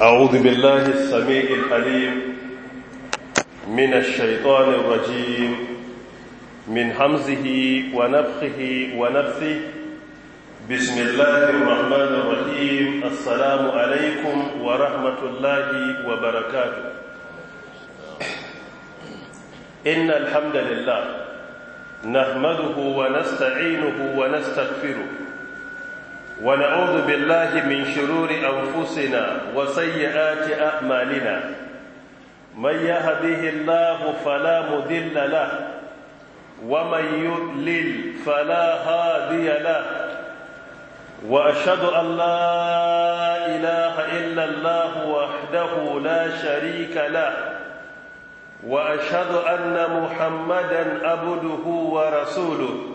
أعوذ بالله السميع العليم من الشيطان الرجيم من حمزه ونفخه ونفسه بسم الله الرحمن الرحيم السلام عليكم ورحمة الله وبركاته إن الحمد لله نحمده ونستعينه ونستغفره ونعوذ بالله من شرور أنفسنا وسيئات أعمالنا من يهديه الله فلا مذل له ومن يضلل فلا هادي له وأشهد أن لا إله إلا الله وحده لا شريك له وأشهد أن محمدا عبده ورسوله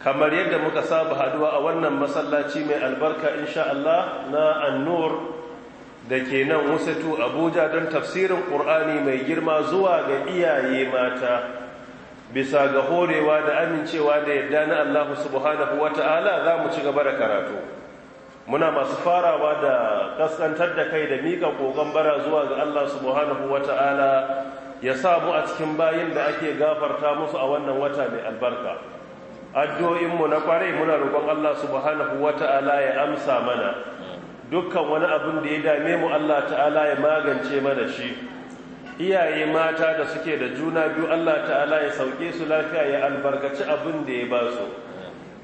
kamar yadda muka saba haduwa a wannan masallaci mai albarka insha Allah na annur da ke nan wusatu abuja don tafsirin ƙur'ani mai girma zuwa ga iyaye mata bisa ga horewa da amincewa da yadda na Allah subhanahu wa ta'ala za mu ci gaba da karatu muna masu farawa da kaskantar da kai da miƙa kogon bara zuwa ga Allah subhanahu wa ta'ala ya samu a cikin bayin da ake gafarta musu a wannan wata mai albarka addu'o'inmu na kwarai muna roƙon Allah subhanahu wa ta'ala ya amsa mana dukkan wani abin da ya dame mu Allah ta'ala ya magance mana shi iyaye mata da suke da juna biyu Allah ta'ala ya sauƙe su lafiya ya albarkaci abin da ya ba su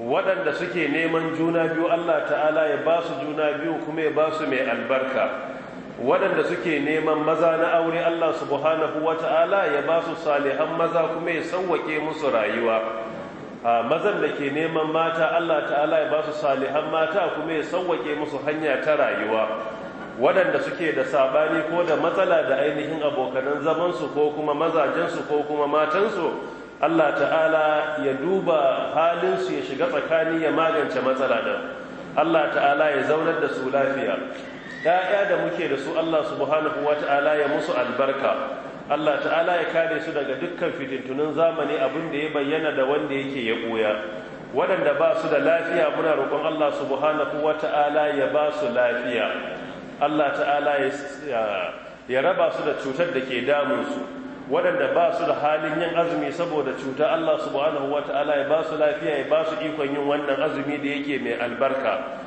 waɗanda suke neman juna biyu Allah ta'ala ya ba su juna biyu kuma ya ba su mai albarka waɗanda suke neman maza na aure Allah subhanahu wa ta'ala ya ba su salihan maza kuma ya sauwaƙe musu rayuwa mazan da ke neman mata Allah ta'ala ya ba su salihan mata kuma ya sauwake musu hanya ta rayuwa waɗanda suke da sabani ko da matsala da ainihin abokanan zamansu ko kuma mazajensu ko kuma matansu Allah ta'ala ya duba halinsu ya shiga tsakani ya magance matsala ɗin Allah ta'ala ya zaunar da su lafiya ‘ya'ya da muke da su Allah subhanahu wa ta'ala ya musu albarka Allah ta'ala ya kare su daga dukkan fitintunin zamani abin da ya bayyana da wanda yake ya ɓoya waɗanda ba su da lafiya muna roƙon Allah subhanahu wa ta'ala ya ba su lafiya Allah ta'ala ya raba su da cutar da ke damunsu waɗanda ba su da halin yin azumi saboda cuta Allah subhanahu wa ta'ala ya ba su lafiya ya ba su ikon yin wannan azumi da yake mai albarka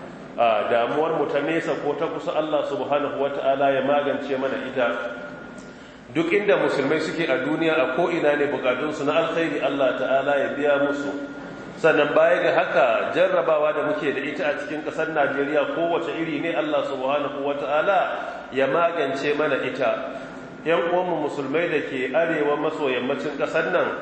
damuwar mu ta nesa ko ta kusa Allah subhanahu wa ta'ala ya magance mana ita duk inda musulmai suke a duniya a ko'ina ne bukatunsu na alkhairi Allah ta'ala ya biya musu sannan baya ga haka jarrabawa da muke da ita a cikin ƙasar najeriya kowace iri ne Allah subhanahu wa ta'ala ya magance mana ita yan uwanmu musulmai da ke arewa maso yammacin ƙasar nan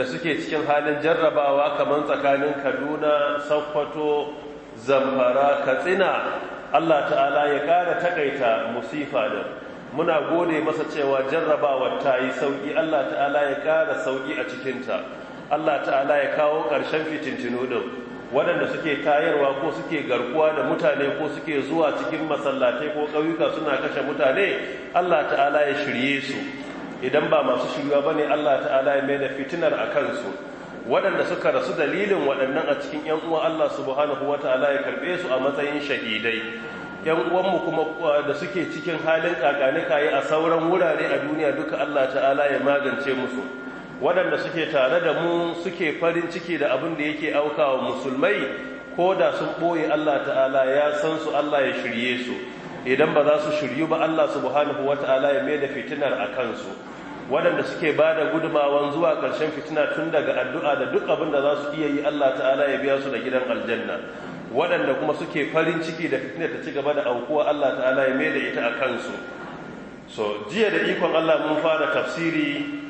da suke cikin halin jarrabawa kamar tsakanin kaduna sokoto zamfara katsina Allah ta'ala ya ƙara taƙaita musifa da muna gode masa cewa jarrabawa ta yi sauƙi Allah ta'ala ya ƙara sauƙi a cikinta Allah ta'ala ya kawo ƙarshen fitintinu ɗin waɗanda suke tayarwa ko suke garkuwa da mutane ko suke zuwa cikin masallatai ko ƙauyuka suna kashe mutane Allah ta'ala ya shirye su idan ba masu shirya ba ne Allah ta'ala ya mai da fitinar a kansu waɗanda suka rasu dalilin waɗannan a cikin 'yan uwa Allah subhanahu wa ta'ala ya karɓe su a matsayin shahidai yan uwanmu kuma uh, da suke cikin halin kakanika yi a sauran wurare a duniya duka Allah ta'ala ya magance musu waɗanda suke tare da mu suke farin ciki da abin da yake aukawa musulmai ko da sun ɓoye Allah ta'ala ya san su Allah ya shirye su idan ba za su shiryu ba Allah subhanahu ta'ala ya mai da fitinar a kansu waɗanda suke ba da gudumawan zuwa ƙarshen fitina tun daga addu'a da duk abin da za su iya yi Allah ta'ala ya biya su da gidan aljanna waɗanda kuma suke farin ciki da fitinar ta ci gaba da aukuwa Allah ta'ala ya da ita a kansu so jiya da ikon Allah mun fara tafsiri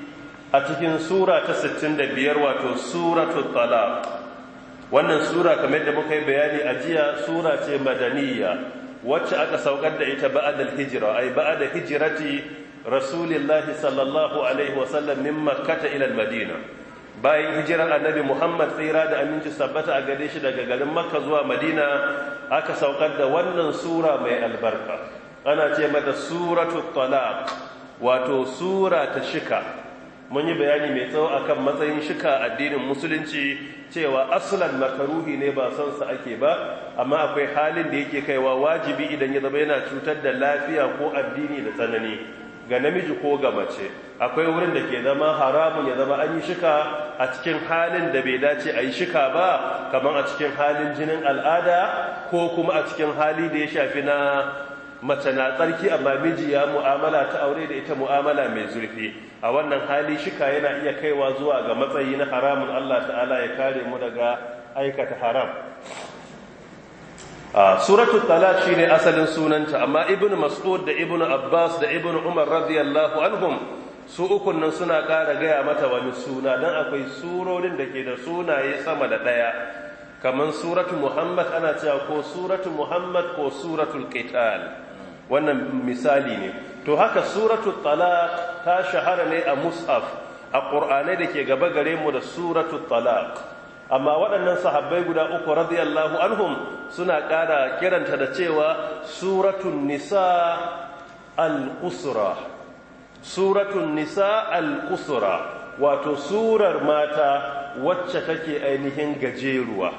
a cikin sura ta 65 wato suratul talaq wannan sura kamar da muka yi bayani a jiya sura ce madaniya wacce aka saukar da ita ba'adal hijira ai ba'ada hijirati rasulillahi sallallahu alaihi wasallam min makkah ila madina bayan hijirar annabi muhammad tsira da aminci sabbata a gare shi daga garin makka zuwa madina aka saukar da wannan sura mai albarka ana ce mata suratul talaq wato sura ta shika mun yi bayani mai tsawo akan matsayin shika addinin musulunci cewa aslan makaruhi ne ba son sa ake ba amma akwai halin da yake kaiwa wajibi idan ya zama yana cutar da lafiya ko addini da tsanani ga namiji ko ga mace akwai wurin da ke zama haramun ya zama an yi shika a cikin halin da bai dace a yi shika ba kamar a cikin halin jinin al'ada ko kuma a cikin hali da ya shafi na mace na tsarki amma miji ya mu'amala ta aure da ita mu'amala mai zurfi a wannan hali shika yana iya kaiwa zuwa ga matsayi na haramun Allah ta'ala ya kare mu daga aikata haram suratul talat shine asalin sunanta amma ibnu mas'ud da ibnu abbas da ibnu umar radiyallahu anhum su ukun nan suna ƙara gaya mata wani suna don akwai surorin da ke da sunaye sama da ɗaya kamar suratu muhammad ana cewa ko suratu muhammad ko suratul qital wannan misali ne to haka suratul talaq ta shahara ne a mus'af a ƙur'anai da ke gaba gare mu da suratul talaq amma waɗannan sahabbai guda uku radiyallahu anhum suna ƙara kiranta da cewa suratun nisa al-usra suratun nisa al-kusura wato surar mata wacce take ainihin gajeruwa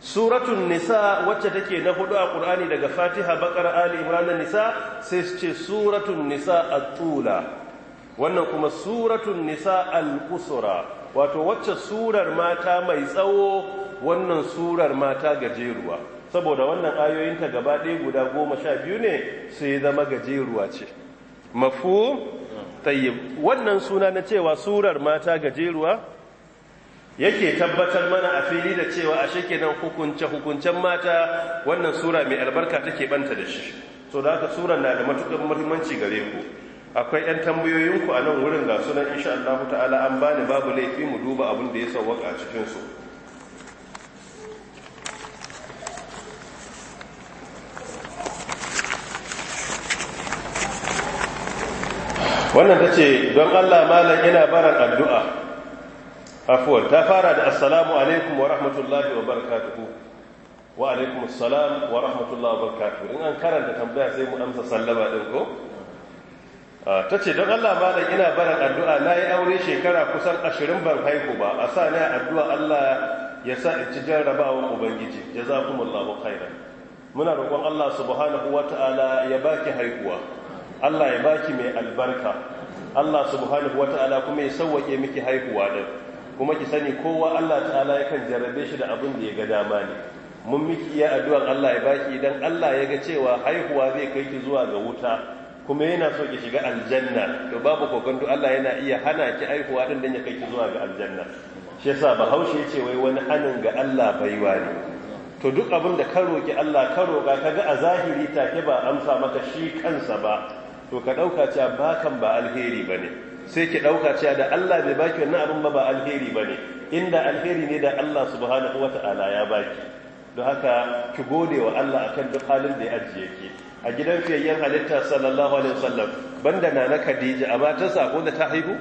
suratun nisa wacce take na hudu a ƙur'ani daga fatiha bakar ali imran nisa sai su ce suratun nisa al-tula wannan kuma suratun nisa al-kusura wato wacce surar mata mai tsawo wannan surar mata gajeruwa saboda wannan ayoyinta gaba ɗaya guda goma sha biyu ne sai zama gajeruwa ce mafu tayyib wannan suna na cewa surar mata gajeruwa yake tabbatar mana a fili da cewa a nan hukunce hukuncen mata wannan sura mai albarka take banta da shi so da haka surar na da matukar muhimmanci gare ku akwai 'yan tambayoyinku a nan wurin ga sunan insha Allah ta'ala an bani babu laifi mu duba abin da ya sauwaka cikinsu wannan ta ce don allah malam ina baran addu'a afuwar ta fara da assalamu alaikum wa rahmatullahi wa barakatuhu wa alaikum assalam wa rahmatullahi wa barakatuhu in an karanta tambaya sai mu amsa sallama din ko ta ce don allah malam ina baran addu'a na yi aure shekara kusan ashirin ban haihu ba a sa na addu'a allah ya sa in ci jarrabawan ubangiji jazakumullahu khairan muna roƙon allah subhanahu wa ta'ala ya baki haihuwa Allah ya baki mai albarka Allah subhanahu wata'ala kuma ya sauwake miki haihuwa din kuma ki sani kowa Allah ta'ala yakan jarrabe shi da abin da ya ga dama ne mun miki iya addu'an Allah ya baki idan Allah ya ga cewa haihuwa zai kai ki zuwa ga wuta kuma yana so ki shiga aljanna to babu duk Allah yana iya hana ki haihuwa din dan ya kai ki zuwa ga aljanna shi yasa bahaushe ce wai wani hanin ga Allah bai ware. to duk abin da ka roki Allah ka roka kaga a zahiri take ba amsa maka shi kansa ba to ka ɗauka cewa bakan ba alheri ba ne sai ki ɗauka cewa da Allah bai baki wannan abin ba ba alheri ba ne inda alheri ne da Allah subhanahu wa ta'ala ya baki don haka ki gode wa Allah akan duk halin da ya ajiye ki a gidan fiyayyen halitta sallallahu alaihi wasallam banda nana Khadija a ta sako da ta haihu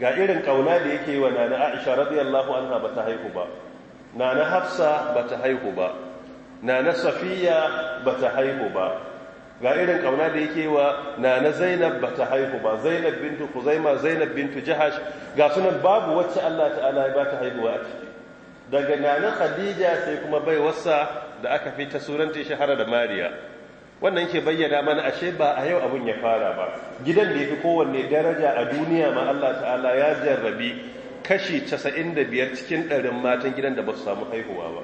ga irin kauna da yake wa nana Aisha radiyallahu anha ba ta haihu ba nana Hafsa ba ta haihu ba nana Safiya ba ta haihu ba ga irin kauna da yake wa nana zainab ba ta haihu ba zainab bintu kuzaima zainab bintu jahash ga sunan babu wacce allah ta'ala ya ba ta haihuwa a ciki daga nana khadija sai kuma bai wasa da aka fi ta suranta shahara da mariya wannan ke bayyana mana ashe ba a yau abun ya fara ba gidan da ya fi kowanne daraja a duniya ma allah ta'ala ya jarrabi kashi casa'in da biyar cikin ɗarin matan gidan da ba su samu haihuwa ba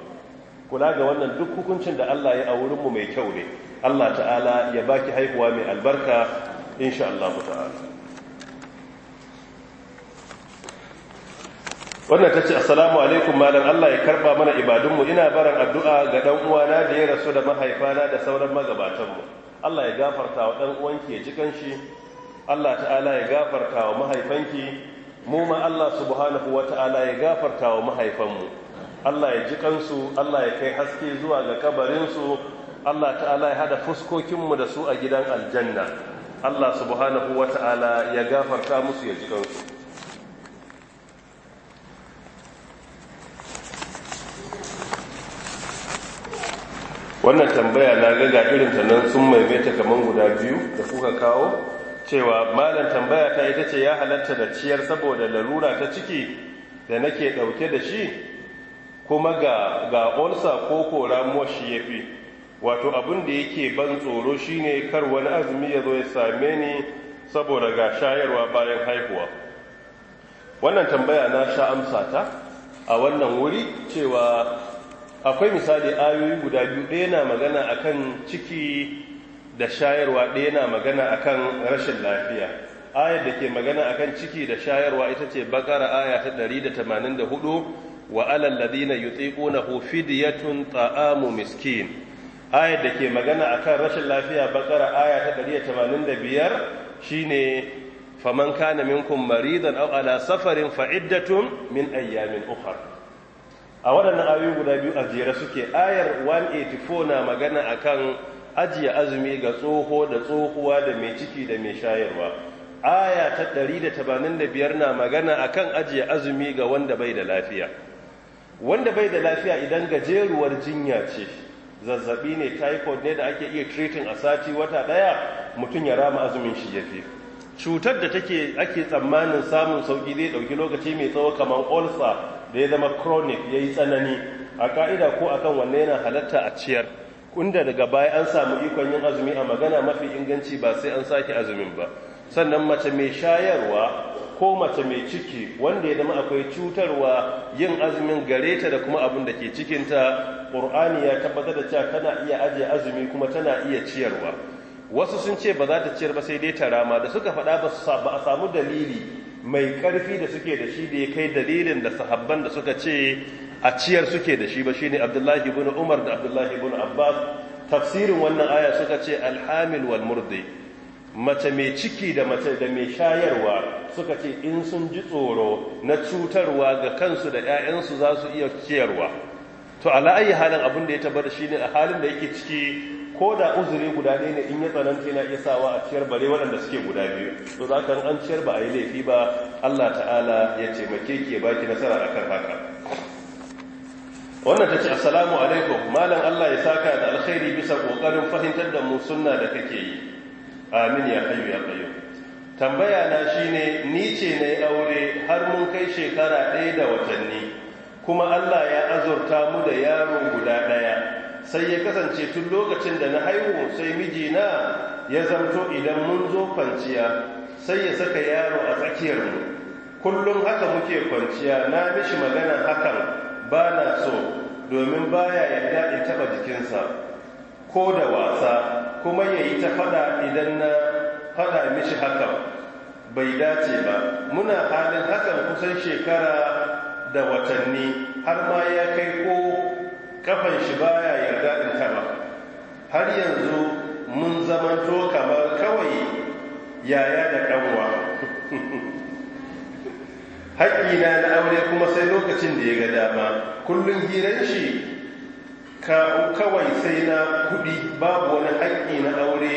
kula ga wannan duk hukuncin da allah ya a wurinmu mai kyau ne Allah ta'ala ya baki haihuwa mai albarka insha Allah ta'ala wannan ta ce assalamu alaikum malam Allah ya karba mana ibadunmu ina barin addu'a ga ɗanuwana uwana da ya rasu da mahaifana da sauran magabatanmu Allah ya gafarta wa ɗan’uwanki uwanki ya ji kanshi Allah ta'ala ya gafarta wa mahaifanki mu ma Allah subhanahu ta’ala ya gafarta wa mahaifanmu Allah ya ji kansu Allah ya kai haske zuwa ga kabarinsu Allah ta'ala ya hada fuskokinmu da su a gidan aljanna Allah subhanahu wa ta'ala ya gafarta musu ya ji kansu wannan tambaya na gaga irin ta nan sun maimaita kamar guda biyu da kuka kawo cewa malam tambaya ta ita ce ya halatta da ciyar saboda larura ta ciki da nake dauke da shi kuma ga ga olsa ko koramuwa shi ya fi. wato abin da yake ban tsoro shine kar wani azumi ya zo ya same ni saboda ga shayarwa bayan haihuwa wannan tambaya na sha amsa ta a wannan wuri cewa akwai misali ayoyi guda biyu ɗaya na magana akan ciki da shayarwa ɗaya na magana akan rashin lafiya ayar da ke magana akan ciki da shayarwa ita ce bakara aya ta 184 wa alal ladina yutiquna fidyatun ta'amu miskin ayar da ke magana akan rashin lafiya bakara aya ta 185 shine faman kana minkum maridan aw ala safarin fa'iddatun iddatun min ayyamin ukhra a waɗannan ayoyi guda biyu a jere suke ayar 184 na magana akan ajiye azumi ga tsoho da tsohuwa da mai ciki da mai shayarwa aya ta 185 na magana akan ajiye azumi ga wanda bai da lafiya wanda bai da lafiya idan gajeruwar jinya ce zazzabi ne typhoid ne da ake iya treating a sati wata daya mutum ya rama azumin shi ya fi cutar da take ake tsammanin samun sauki zai dauki lokaci mai tsawo kamar ulcer da ya zama chronic ya yi tsanani a ka'ida ko akan wanne yana halatta a ciyar kunda daga baya an samu ikon yin azumi a magana mafi inganci ba sai an sake azumin ba sannan mace mai shayarwa ko mace mai ciki wanda ya zama akwai cutarwa yin azumin gare ta da kuma abin da ke cikinta ƙur'ani ya tabbatar da cewa tana iya ajiye azumi kuma tana iya ciyarwa wasu sun ce ba za ta ciyar ba sai dai ta rama da suka faɗa ba a samu dalili mai ƙarfi da suke da shi da ya kai dalilin da sahabban da suka ce a ciyar suke da shi ba Shi ne abdullahi ibn umar da abdullahi ibn abbas tafsirin wannan aya suka ce alhamil wal murdi mace mai ciki da mace da mai shayarwa suka ce in sun ji tsoro na cutarwa ga kansu da 'ya'yansu za su iya ciyarwa to ala'ayi halin abin da ya tabbata shi ne a halin da yake ciki ko da uzuri guda ne ne in ya tsananta yana iya sawa a ciyar bare waɗanda suke guda biyu to za ka an ciyar ba a yi laifi ba allah ta'ala ya ce taimake ki ya baki nasara a kan haka wannan ta ce assalamu alaikum malam allah ya saka da alkhairi bisa ƙoƙarin fahimtar da mu sunna da kake yi amin ya hayu ya qayyum tambaya na ne ni ce na yi aure har mun kai shekara ɗaya da watanni kuma Allah ya azurta mu da yaro guda ɗaya sai ya kasance tun lokacin da na haihu sai mijina ya zarto idan mun zo kwanciya sai ya saka yaro a tsakiyar mu kullum haka muke kwanciya na mishi magana hakan ba na so domin baya yarda in taɓa jikinsa ko da wasa kuma ya yi ta fada idan na fada mishi hakan bai dace ba muna halin hakan kusan shekara da watanni har ma ya kai ko kafan shi baya yarda in taba har yanzu mun zamanto kamar kawai yaya da kanwa haƙƙina na aure kuma sai lokacin da ya ga dama kullum hiran shi kawai sai na kuɗi babu wani haƙƙi na aure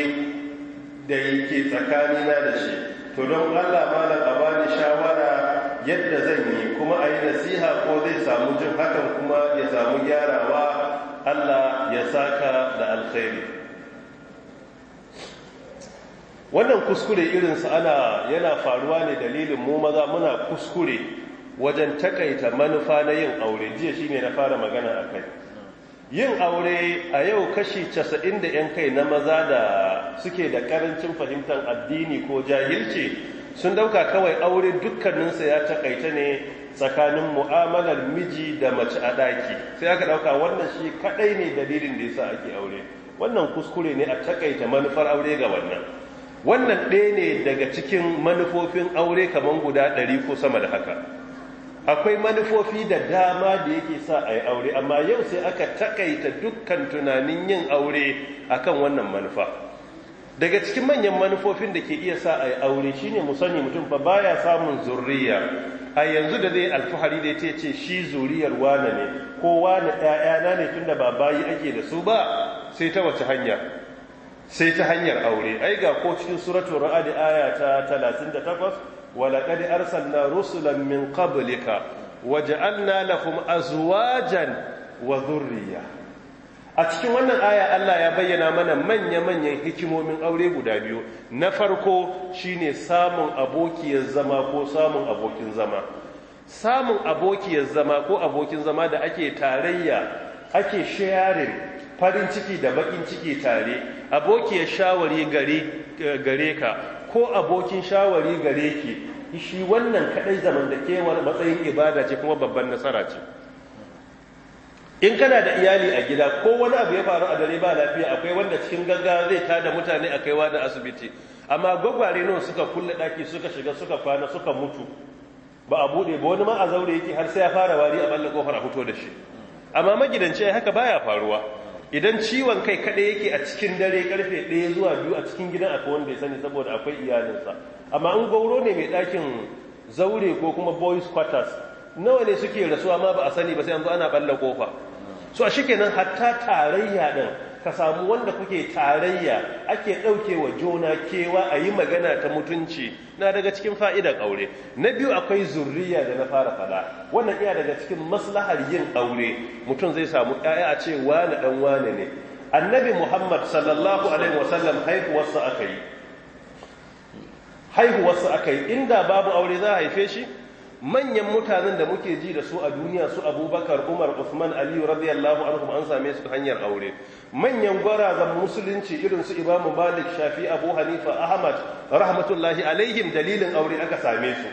da yake tsakanina da shi to don allah malam a bani shawara yadda zan yi kuma a yi nasiha ko zai samu jin hakan kuma ya samu gyarawa allah ya saka da alkhairi wannan kuskure irinsa ana yana faruwa ne dalilin mu maza muna kuskure wajen takaita manufa na yin aure jiya shi ne na fara magana a kai yin aure a yau kashi 90 da 'yan kai na maza da suke da karancin fahimtar addini ko jahilci sun dauka kawai aure dukkaninsa ya takaita ne tsakanin mu'amalar miji da mace a daki sai aka dauka wannan shi kadai ne dalilin da yasa ake aure wannan kuskure ne a takaita manufar aure ga wannan wannan ɗaya ne daga cikin manufofin aure kamar guda ɗari ko sama da haka akwai manufofi da dama da yake sa a yi aure amma yau sai aka takaita dukkan tunanin yin aure akan wannan manufa daga cikin manyan manufofin da ke iya sa a yi aure shine mu sani mutum ba baya samun zurriya a yanzu da zai alfahari da ya ce shi zuriyar wane ne ko wane ɗaya'yana ne tunda ba bayi ake da su ba sai ta wace hanya sai ta hanyar aure ai ga ko cikin suratul ra'd aya ta 38 ولقد أرسلنا رسلا من قبلك وجعلنا لهم أزواجا وذرية a cikin wannan aya Allah ya bayyana mana manya-manyan hikimomin aure guda biyu na farko shine samun abokiyar zama ko samun abokin zama samun abokiyar zama ko abokin zama da ake tarayya ake share farin ciki da bakin ciki tare abokiyar shawari gare ka ko abokin shawari gare ki shi wannan kadai zamantakewar matsayin ibada ce kuma babban nasara ce in kana da iyali a gida ko wani abu ya faru a dare ba lafiya akwai wanda cikin gaga zai tada mutane a kaiwa da asibiti amma gwagware nan suka kulle daki suka shiga suka kwana suka mutu ba a bude ba wani ma a zaure yake har sai ya fara wari a balle kofar a fito da shi amma magidanci haka baya faruwa idan ciwon kai kaɗai yake a cikin dare karfe ɗaya zuwa biyu a cikin gidan akwai wanda ya sani saboda akwai iyalinsa amma an gauro ne mai ɗakin zaure ko kuma boys quarters nawa ne suke rasuwa ma ba a sani ba sai an zo ana ɓalla ƙofa? so a shi kenan hatta tarayya din ka samu wanda kuke tarayya ake ɗauke wa jona kewa a yi magana ta mutunci na daga cikin fa'idan aure na biyu akwai zurriya da na fara fada wannan iya daga cikin maslahar yin aure mutum zai samu ‘ya'ya a ce wane ɗan wane ne annabi muhammad sallallahu alaihi wasallam haihuwarsa aka yi haihuwarsa aka yi inda babu aure za a haife shi manyan mutanen da muke ji da su a duniya su abubakar umar usman aliyu radiyallahu anhu an same su hanyar aure manyan gwarazan musulunci irin su imamu malik shafi abu hanifa ahmad rahmatullahi alaihim dalilin aure aka same su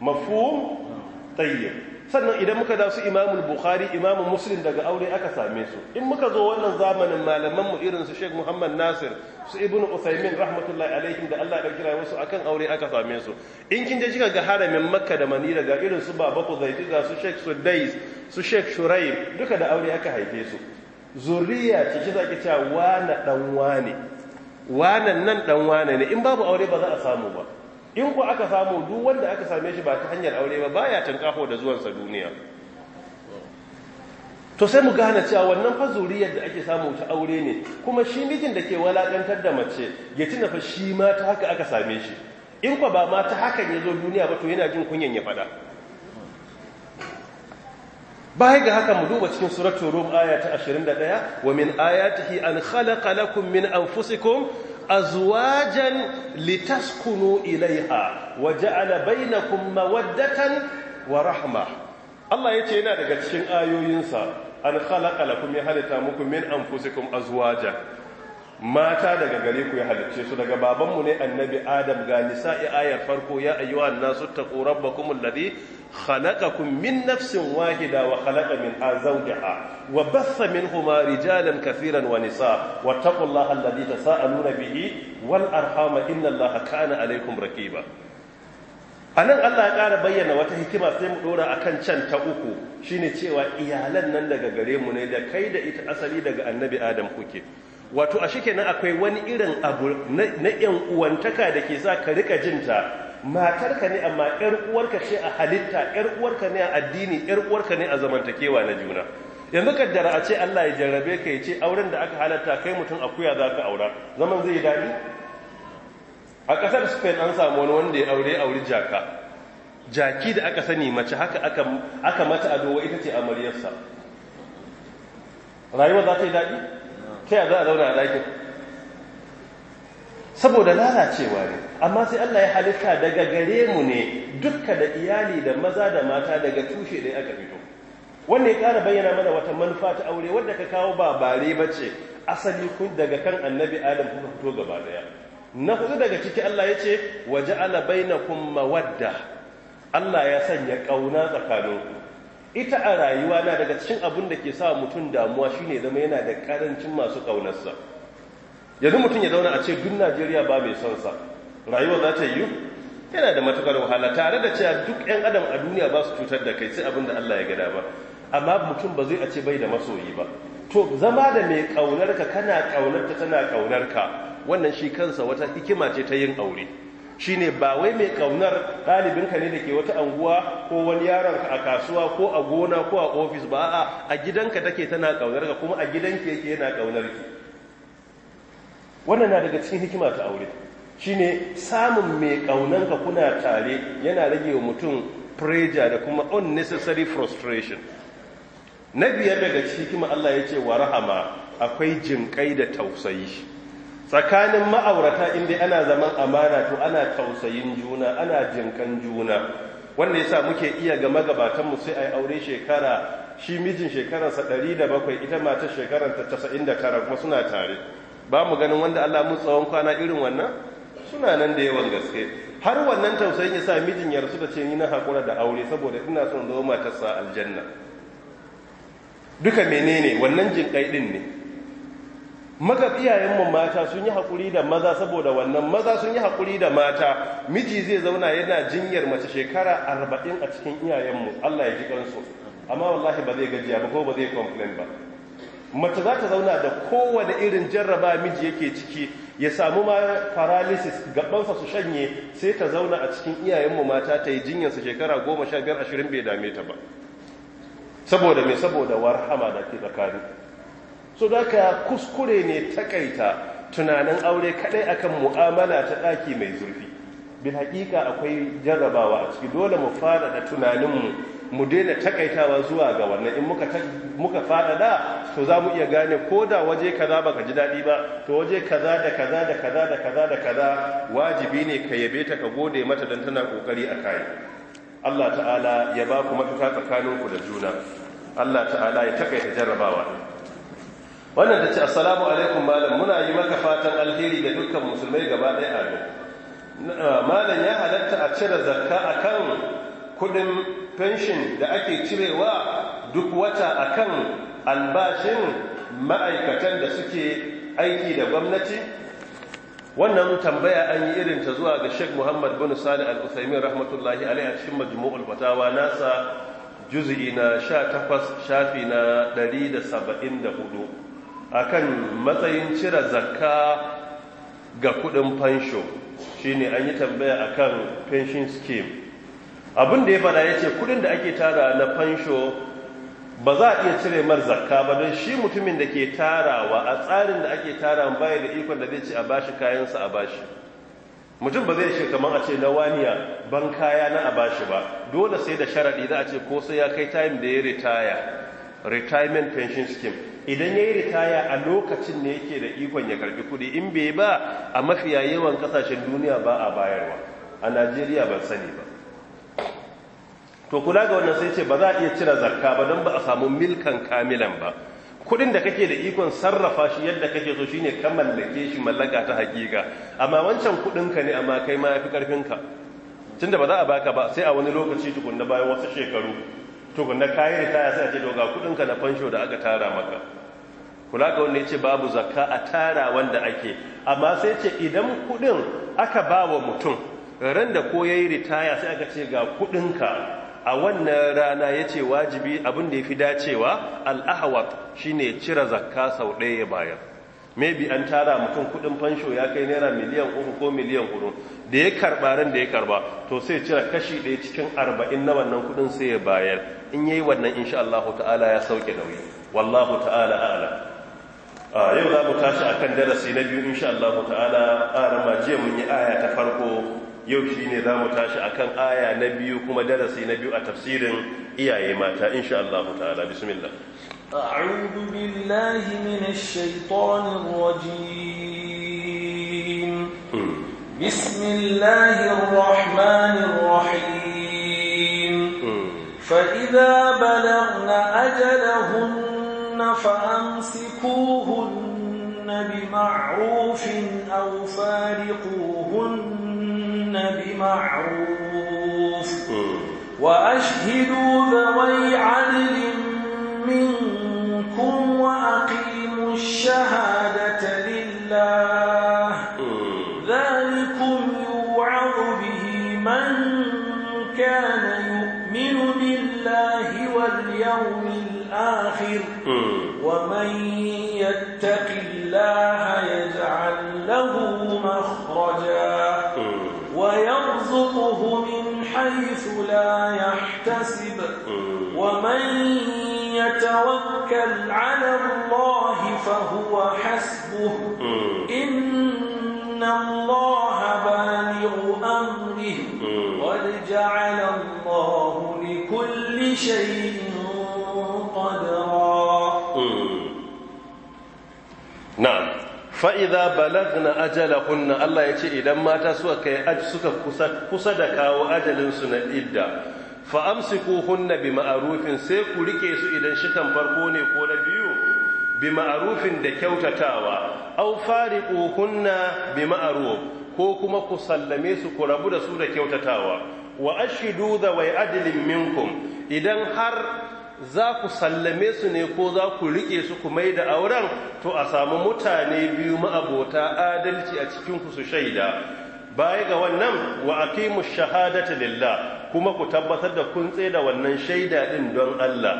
mafhum tayyib sannan idan muka da su imamul bukhari imamu muslim daga aure aka same su in muka zo wannan zamanin malaman mu irin su sheikh muhammad nasir su ibnu usaimin rahmatullahi alaihim da allah ya dauki akan aure aka same su in kin je kika ga haramin makka da manira ga irin su baba kuzaiti ga su sheikh sudais su sheikh shuraib duka da aure aka haife su zuriya ce ki zaki cewa wane dan wane wanan nan dan wane ne in babu aure ba za a samu ba in ku aka samu duk wanda aka same shi ba ta hanyar aure ba baya tankafo da zuwansa duniya to sai mu gane cewa wannan fa zuriyar da ake samu ta aure ne kuma shi mijin da ke walakantar da mace ya tuna fa shi ma ta haka aka same shi in kwa ba ma ta hakan ya zo duniya ba to yana jin kunyan ya fada baya ga haka mu duba cikin suratul rum aya ta 21 wa min ayatihi an khalaqa lakum min anfusikum azwajan litaskunu ilaiha wa ja'ala bainakum mawaddatan wa rahma Allah yace yana daga cikin ayoyinsa an khalaqa lakum ya halitta muku min anfusikum azwaja mata daga gare ku ya halicce su daga babanmu ne annabi adam ga nisa'i ayar farko ya ayyuha an-nasu taqu rabbakum alladhi khalaqakum min nafsin wahida wa khalaqa minha zawjaha wa batha minhuma rijalin kafiran wa nisaa wattaqullaha alladhi nuna bihi wal arhama innallaha kana alaykum A anan Allah ya ƙara bayyana wata hikima sai mu dora akan can ta uku shine cewa iyalan nan daga gare mu ne da kai da ita asali daga annabi adam kuke wato a na akwai wani irin abu na yan uwantaka da ke sa ka rika jinta matarka ne amma yar uwarka ce a halitta yar uwarka ne a addini yar uwarka ne a zamantakewa na juna yanzu kaddara a ce Allah ya jarrabe ka ya ce auren da aka halatta kai mutum akuya za ka aura zaman zai daɗi a ƙasar spain an samu wani wanda ya aure auri jaka jaki da aka sani mace haka aka mata adowa ita ce amaryarsa rayuwa za ta yi daɗi ta yaya za a zauna a ɗakin saboda lalacewa ne amma sai Allah ya halitta daga gare mu ne dukka da iyali da maza da mata daga tushe ɗaya aka fito wanda ya ƙara bayyana mana wata manufa ta aure wadda ka kawo ba bare ba ce asali kun daga kan annabi adam kuka fito gaba daya na hudu daga ciki Allah ya ce waje ala kuma wadda Allah ya sanya ƙauna tsakaninku ita a rayuwa na daga cikin abin da ke sa mutum damuwa shine zama yana da karancin masu kaunarsa. yanzu mutum ya zauna a ce duk najeriya ba mai son sa rayuwa za ta yiwu yana da matukar wahala tare da cewa duk 'yan adam a duniya ba su cutar da kai sai abin da allah ya gada ba amma mutum ba zai a ce bai da masoyi ba to zama da mai ƙaunarka kana ƙaunarta tana ƙaunarka wannan shi kansa wata hikima ce ta yin aure Shi ne, ba wai mai kaunar ɗalibinka ne da ke wata anguwa ko wani yaronka a kasuwa ko a gona ko a ofis ba a a gidanka take tana kaunar ka kuma a gidanki yake yana kaunar ki wannan na daga cikin hikima ta aure shine samun mai kaunar ka kuna tare yana rage wa mutum pressure da kuma unnecessary frustration na biyar daga cikin hikima Allah ya ce wa rahama akwai jinkai da tausayi tsakanin ma'aurata inda ana zaman amana to ana tausayin juna ana jinkan juna wanda ya sa muke iya ga magabatanmu sai a yi aure shekara shi mijin shekararsa 107 ita matar shekararta 99 kuma suna tare ba mu ganin wanda Allah mu tsawon kwana irin wannan suna nan da yawan gaske har wannan tausayin sa mijin ya rasu da ce ni na hakura da aure saboda ina son zo matarsa aljanna duka menene wannan jinkai din ne maga iyayenmu mata sun yi haƙuri da maza saboda wannan maza sun yi haƙuri da mata miji zai zauna yana jinyar mace shekara arba'in a cikin iyayenmu allah ya ji kansu amma wallahi ba zai gajiya ba ko ba zai complain ba mace za ta zauna da kowane irin jarraba miji yake ciki ya samu ma paralysis gabansa su shanye sai ta zauna a cikin iyayenmu mata ta yi jinyarsa shekara goma sha biyar ashirin bai dame ta ba saboda mai saboda warhama da ke tsakani so ka kuskure ne takaita tunanin aure kadai akan mu'amala ta daki mai zurfi bil hakika akwai jarrabawa a ciki dole mu fara da tunaninmu mu daina takaitawa zuwa ga wannan in muka muka fada da to za mu iya gane ko da waje kaza baka ji dadi ba to waje kaza da kaza da kaza da kaza da kaza wajibi ne ka yabe ta ka gode mata dan tana kokari a kai Allah ta'ala ya ba ku mafita tsakaninku da juna Allah ta'ala ya takaita jarrabawa wannan ta ce assalamu alaikum malam muna yi maka fatan alheri da dukkan musulmai gaba ɗaya a malam ya halatta a cire zakka kan kudin fenshin da ake cirewa duk wata a kan albashin ma'aikatan da suke aiki da gwamnati wannan tambaya an yi irin ta zuwa ga Sheikh Muhammad bin Sani al usaimin rahmatullahi alai a cikin Majmu'ul Fatawa nasa juz'i na 18 shafi na 174 akan matsayin cire zakka ga kudin fansho shine an yi tambaya a kan pension scheme abin da ya fada ya ce kudin da ake tara na fansho ba za a iya cire mar zakka ba don shi mutumin da ke tarawa a tsarin da ake tara baya da ikon da zai ce a bashi kayansa a bashi mutum ba zai ce kamar a ce na waniya ban kaya na a bashi ba dole sai da sharaɗi za a ce ko sai ya kai time da ya retire retirement pension scheme idan ya yi ritaya a lokacin ne yake da ikon ya karbi kuɗi in bai ba a mafiya yawan kasashen duniya ba a bayarwa a najeriya ban sani ba to kula ga wannan sai ce ba za a iya cire zakka ba don ba a samu milkan kamilan ba kudin da kake da ikon sarrafa shi yadda kake so shine ka mallake shi mallaka ta hakika amma wancan kuɗinka ne amma kai ma yafi fi tunda ba za a baka ba sai a wani lokaci tukunna bayan wasu shekaru to na kayi ritaya sai a ce doga kudinka na fansho da aka tara maka kula ga wanda ya ce babu zakka a tara wanda ake amma sai ce idan kudin aka ba wa mutum ran da ko ya yi ritaya sai aka ce ga kudinka a wannan rana ya ce wajibi abin da ya fi dacewa shi shine cire zakka sau ɗaya ya bayar maybe an tara mutum kudin fansho ya kai naira miliyan uku ko miliyan hudu da ya karba ran da ya karba to sai cire kashi ɗaya cikin arba'in na wannan kudin sai ya bayar in yayi wannan insha Allah ta'ala ya sauke nauyi wallahu ta'ala a'ala yau za mu tashi akan darasi na biyu insha Allah ta'ala a je mun yi aya ta farko yau shine za mu tashi akan aya na biyu kuma darasi na biyu a tafsirin iyaye mata insha Allah ta'ala bismillah أعوذ بالله من الشيطان الرجيم بسم الله الرحمن الرحيم فإذا بلغن أجلهن فأمسكوهن بمعروف أو فارقوهن بمعروف وأشهدوا ذوي عدل منكم 我。fa'iza balagna ajalahunna Allah ya ce idan mata suka kai suka kusa da kawo ajalinsu na idda fa'amsikuhunna bi ma'arufin sai ku rike su idan shikan farko ne ko na biyu bi ma'arufin da kyautatawa au fariquhunna bi ma'aruf ko kuma ku sallame su ku rabu da su da kyautatawa wa ashidu da wai adilin minkum idan har za ku sallame su ne ko za ku riƙe su ku mai da auren to a samu mutane biyu ma'abota adalci a cikinku su shaida baya ga wannan wa aqimu shahadata lillah kuma ku tabbatar da kun tsaye da wannan shaida ɗin don Allah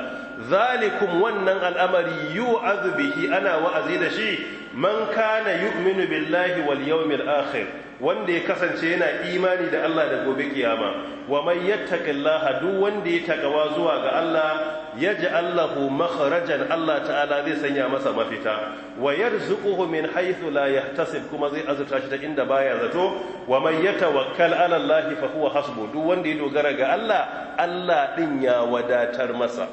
zalikum wannan al'amari wa azubihi ana wa'azi da shi man kana yu'minu billahi wal yawmil akhir wanda ya kasance yana imani da Allah da gobe kiyama wa man yattaqillaha duk wanda ya takawa zuwa ga Allah yaj'al allahu makharajan Allah ta'ala zai sanya masa mafita wa yarzuquhu min haythu la yahtasib kuma zai azurta shi ta inda baya zato wa man yatawakkal 'ala Allah fa huwa hasbu duk wanda ya dogara ga Allah Allah din ya wadatar masa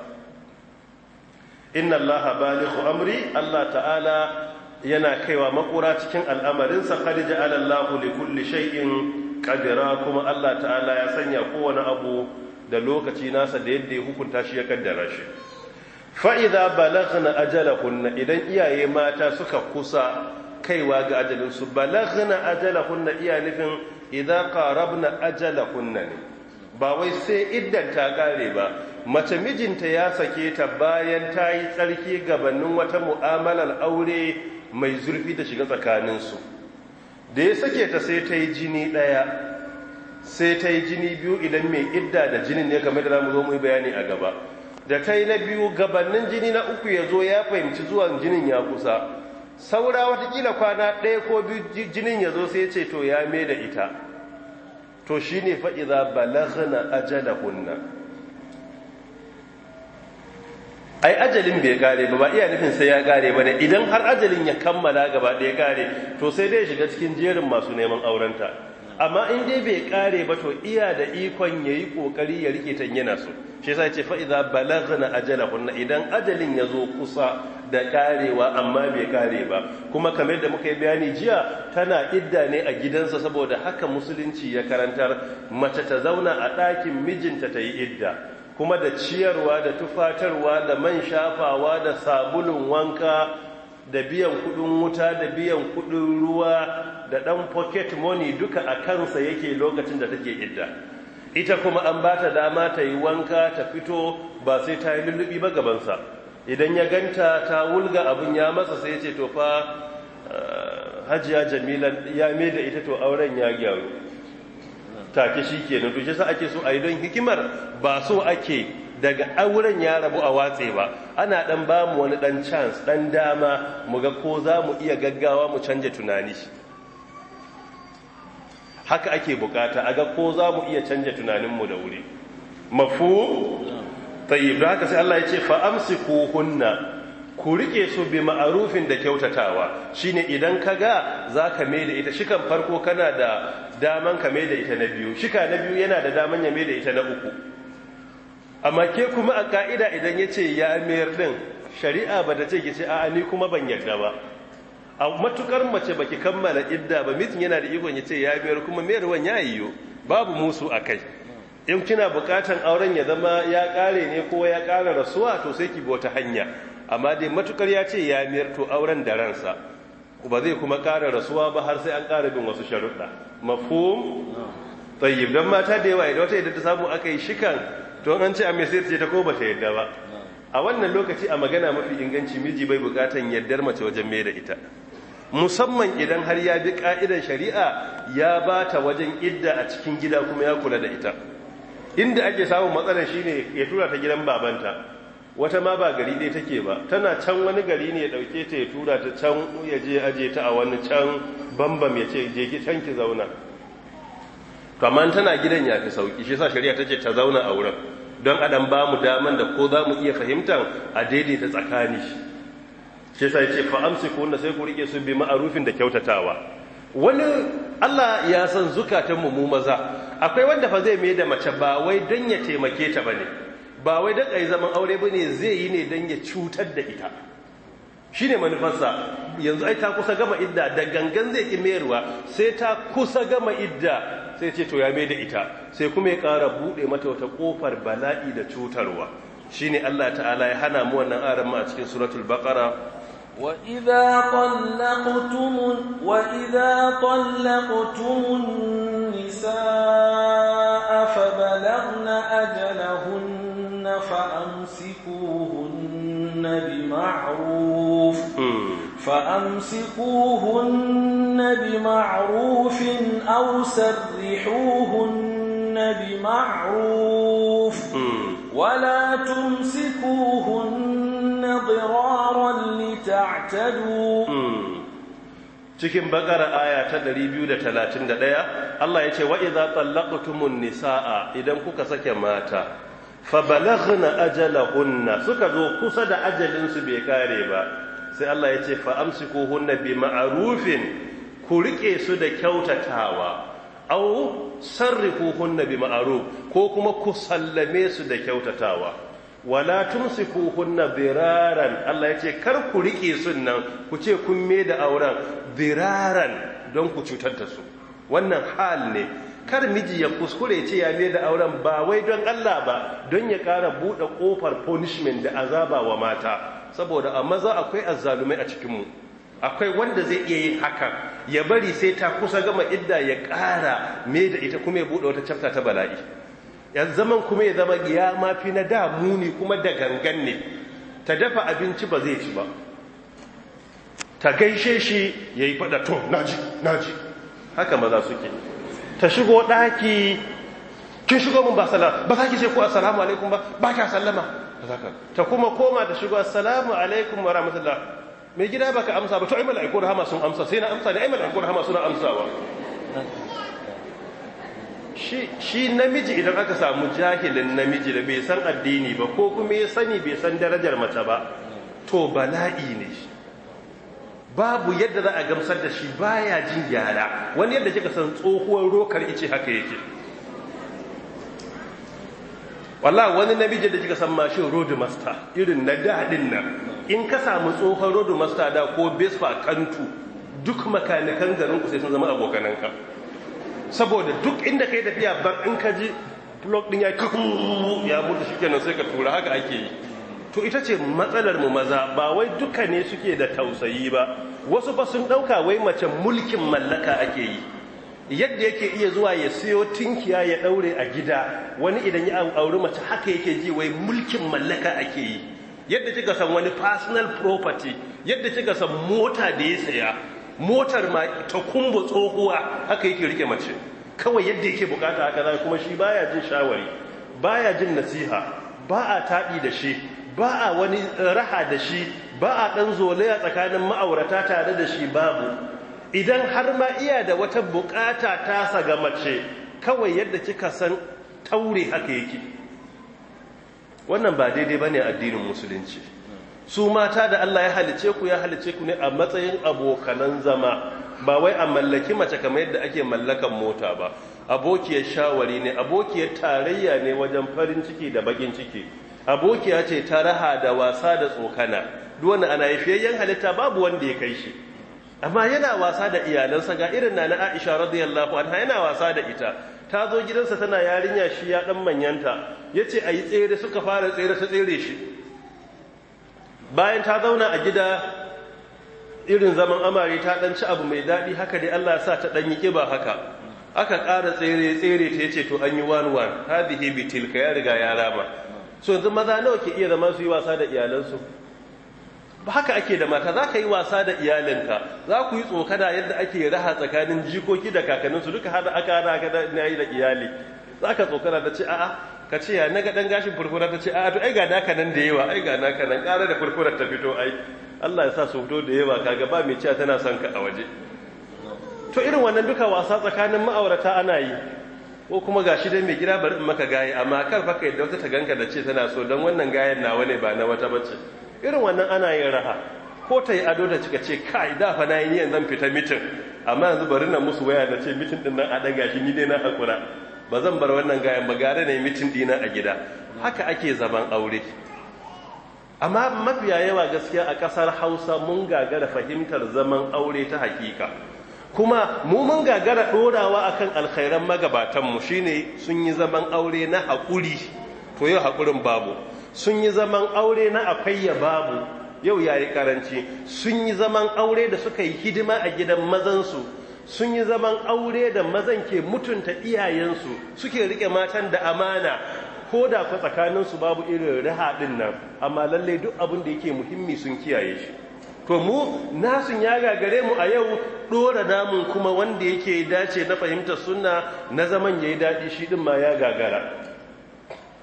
inna Allah balighu amri Allah ta'ala yana kaiwa makura cikin al'amarinsa qad ja'ala Allahu li kulli shay'in qadira kuma Allah ta'ala ya sanya kowane abu da lokaci nasa da yadda ya hukunta shi ya kaddara shi fa idza balaghna ajalahunna idan iyaye mata suka kusa kaiwa ga ajalinsu balaghna ajalahunna iya nufin idza qarabna ajalahunna ne ba wai sai iddan ta ƙare ba mace mijinta ya sake ta bayan ta yi tsarki gabanin wata mu'amalar aure mai zurfi da shiga tsakaninsu da ya sake ta sai ta yi jini ɗaya sai ta yi jini biyu idan mai idda da jinin ne kamar da zamu zo mu yi bayani a gaba da ta yi na biyu gabanin jini na uku ya zo ya fahimci zuwan jinin ya kusa saura watakila kwana ɗaya ko biyu jinin ya zo sai ce to ya mai da ita to shi ne fa'iza balaghna ajalahunna ai ajalin bai kare ba ba iya nufin sai ya kare ba ne idan har ajalin ya kammala gaba ɗaya kare to sai dai shiga cikin jerin masu neman aurenta amma in dai bai kare ba to iya da ikon ya yi kokari ya rike ta yana so shi sai ce fa idza ajala ajalahunna idan ajalin ya zo kusa da karewa amma bai kare ba kuma kamar da muka yi bayani jiya tana idda ne a gidansa saboda haka musulunci ya karantar mace ta zauna a ɗakin mijinta ta yi idda kuma da ciyarwa da tufatarwa da man shafawa da sabulun wanka da biyan kudin wuta da biyan kudin ruwa da dan pocket money duka a kansa yake lokacin da take idda ita kuma an ba ta dama ta yi wanka ta fito ba sai ta yi lullubi ba gabansa idan ya ganta ta wulga abin ya masa sai ya ce to fa eh, hajiya jamila ya mai da ita to auren ya gyaru take shi ke nan dushe sa ake so a yi don hikimar ba so ake daga auren ya rabu a watse ba ana dan ba mu wani dan chance dan dama mu ga ko za mu iya gaggawa mu canja tunani haka ake bukata a ga ko za mu iya canja tunaninmu da wuri mafu tayyib da haka sai Allah ya ce fa amsikuhunna ku rike su bi ma'arufin da kyautatawa shine idan ka ga za ka mai da ita shikan farko kana da daman ka mai da ita na biyu shika na biyu yana da daman ya mai da ita na uku amma ke kuma a ka'ida idan ya ce ya mayar din shari'a ba da ce ki ce a'a ni kuma ban yarda ba a matukar mace baki kammala idda ba mijin yana da ikon ya ce ya mayar kuma mayarwan ya yo? babu musu a kai in kina bukatan auren ya zama ya kare ne ko ya kara rasuwa to sai ki bi wata hanya amma dai matukar ya ce ya miyar to auren da ransa ba zai kuma ƙara rasuwa ba har sai an ƙara bin wasu sharuɗa mafum tsayyib don mata da yawa idan wata idan ta samu aka yi shikan to an ce a mai sai ta ce ta ko ta yadda ba a wannan lokaci a magana mafi inganci miji bai bukatan yardar mace wajen mai da ita musamman idan har ya bi ƙa'idar shari'a ya ba ta wajen idda a cikin gida kuma ya kula da ita inda ake samun matsalar shine ya tura ta gidan babanta wata ma ba gari ɗaya take ba tana can wani gari ne ya ɗauke ta ya tura ta can ya je aje ta a wani can bambam ya ce je can ki zauna kamar tana gidan ya fi sauki shi sa shari'a ta ce ta zauna a wurin don adam ba mu daman da ko za mu iya fahimtar a daidaita tsakani shi sa ya fa amsi ko wanda sai ku rike su bi ma'arufin da kyautatawa wani allah ya san zukatan mu mu maza akwai wanda fa zai mai da mace ba wai don ya taimake ta bane ne ba wai daga yi zaman aure ba ne zai yi ne don ya cutar da ita shi ne manufarsa yanzu ai ta kusa gama idda da gangan zai ƙi meruwa sai ta kusa gama idda sai ce to ya mai da ita sai kuma ya ƙara buɗe mata wata ƙofar bala'i da cutarwa shi ne allah ta'ala ya hana mu wannan aran a cikin suratul baƙara وإذا طلقتم وإذا طلقتم النساء فامسكوهن بمعروف فامسكوهن بمعروف او سرحوهن بمعروف ولا تمسكوهن ضرارا لتعتدوا cikin bakara aya ta 231 Allah ya ce wa idza tallaqtumun nisaa idan kuka sake mata ajala أَجَلَهُنَّ suka zo kusa da ajalinsu bai kare ba sai Allah ya ce fa bi bima'rufin ku rike su da kyautatawa aw bi bima'ruf ko kuma ku sallame su da kyautatawa wala tumsikuhunna diraran Allah ya ce kar ku rike su nan ku ce kun me da auren diraran don ku cutar da su wannan hal ne kar miji ya kuskure ce ya mai da auren ba wai don Allah ba don ya ƙara buɗe ƙofar punishment da azaba wa mata saboda a maza akwai azzalumai a cikinmu akwai wanda zai iya yin hakan ya bari sai ta kusa gama idda ya kara me da ita kuma ya buɗe wata cafta ta bala'i yanzu zaman kuma ya zama ya mafi na da muni kuma da gangan ne ta dafa abinci ba zai ci ba ta gaishe shi ya yi faɗa to naji naji haka maza suke ta shigo ɗaki kin shigo mun ba salama ba za ki ce ko assalamu alaikum ba ba ka sallama ta kuma koma ta shigo assalamu alaikum wa rahmatullah mai gida baka amsa ba to ai mala'ikun rahama sun amsa sai na amsa ne ai mala'ikun rahama suna amsawa shi namiji idan aka samu jahilin namiji da bai san addini ba ko kuma ya sani bai san darajar mace ba to bala'i ne shi babu yadda za a gamsar da shi baya jin gyara, wani yadda kika san tsohuwar rokar ice haka yake walla wani namiji da kika san mashin master irin na da daɗin nan in ka samu tsohon master da ko bespa kantu duk makanikan garin ku sai sun zama abokananka saboda duk inda kai tafiya bar in ka ji plug din ya kakuru ya mutu shi kenan sai ka tura haka ake yi to ita ce matsalar mu maza ba wai duka ne suke da tausayi ba wasu ba sun ɗauka wai mace mulkin mallaka ake yi yadda yake iya zuwa ya siyo tinkiya ya ɗaure a gida wani idan ya auri mace haka yake ji wai mulkin mallaka ake yi yadda kika san wani personal property yadda kika san mota da ya saya motar ma ta kumbu tsohuwa haka yake rike mace kawai yadda yake bukata haka kuma shi baya jin shawari baya jin nasiha ba a taɗi da shi ba a wani raha da shi ba a ɗan zolaya tsakanin ma'aurata tare da shi babu idan har ma iya da wata bukata tasa ga mace kawai yadda kika san taure haka yake wannan ba daidai ba ne addinin musulunci su mata da Allah ya halice ku ya halice ku ne a matsayin abokanan zama ba wai a mallaki mace kamar yadda ake mallakan mota ba abokiyar shawari ne abokiyar tarayya ne wajen farin ciki da bakin ciki abokiya ce ta raha da wasa da tsokana duwanda ana yafiyayyen halitta babu wanda ya kai shi amma yana wasa da iyalansa ga irin na na aisha radiyallahu anha yana wasa da ita ta zo gidansa tana yarinya shi ya dan manyanta ya ce a yi tsere suka fara tsere ta tsere shi bayan ta zauna a gida irin zaman amare ta dan ci abu mai daɗi haka dai allah sa ta dan yi ƙiba haka aka ƙara tsere tsere ta yace to an yi wan wan hadhihi bitilka ya riga ya rama so yanzu maza nawa ke iya zama su yi wasa da iyalansu ba haka ake da mata za ka yi wasa da iyalinka za ku yi tsokana yadda ake raha tsakanin jikoki da kakanninsu duka hada aka hada aka na yi da iyali za ka tsokana da ce a'a ka ce ya na gaɗan gashin furfura ta ce a'a to ai ga naka nan da yawa ai ga naka nan ƙara da furfurar ta fito ai Allah ya sa su fito da yawa kaga ba mai ciya tana son ka a waje to irin wannan duka wasa tsakanin ma'aurata ana yi ko kuma ga shi dai mai gida bari in maka gaye amma kar fa ka yadda wata ta ganka da ce tana so don wannan gayen nawa ne ba na wata bace irin wannan ana yin raha ko ta yi ado da cika ce kai da fa na yi zan fita mitin amma yanzu bari na musu waya na ce mitin din nan a daga shi ni dai na hakura ba zan bar wannan gayen ba gare ne mitin dina a gida haka ake zaman aure amma mafiya yawa gaskiya a ƙasar hausa mun gagara fahimtar zaman aure ta hakika kuma mu mun gagara a kan alkhairan magabatanmu shine sun yi zaman aure na haƙuri to yau haƙurin babu sun yi zaman aure na akayya babu yau yayi ƙaranci, sun yi zaman aure da suka yi hidima a gidan mazansu sun yi zaman aure da mazan ke mutunta iyayensu suke riƙe matan da amana ko da tsakanin tsakaninsu babu irin rihaɗin nan amma lallai duk abin da yake muhimmi sun kiyaye shi to mu nasin ya gagare mu a yau ɗora namun kuma wanda yake dace na fahimtar sunna na zaman ya yi daɗi shi ɗin ma ya gagara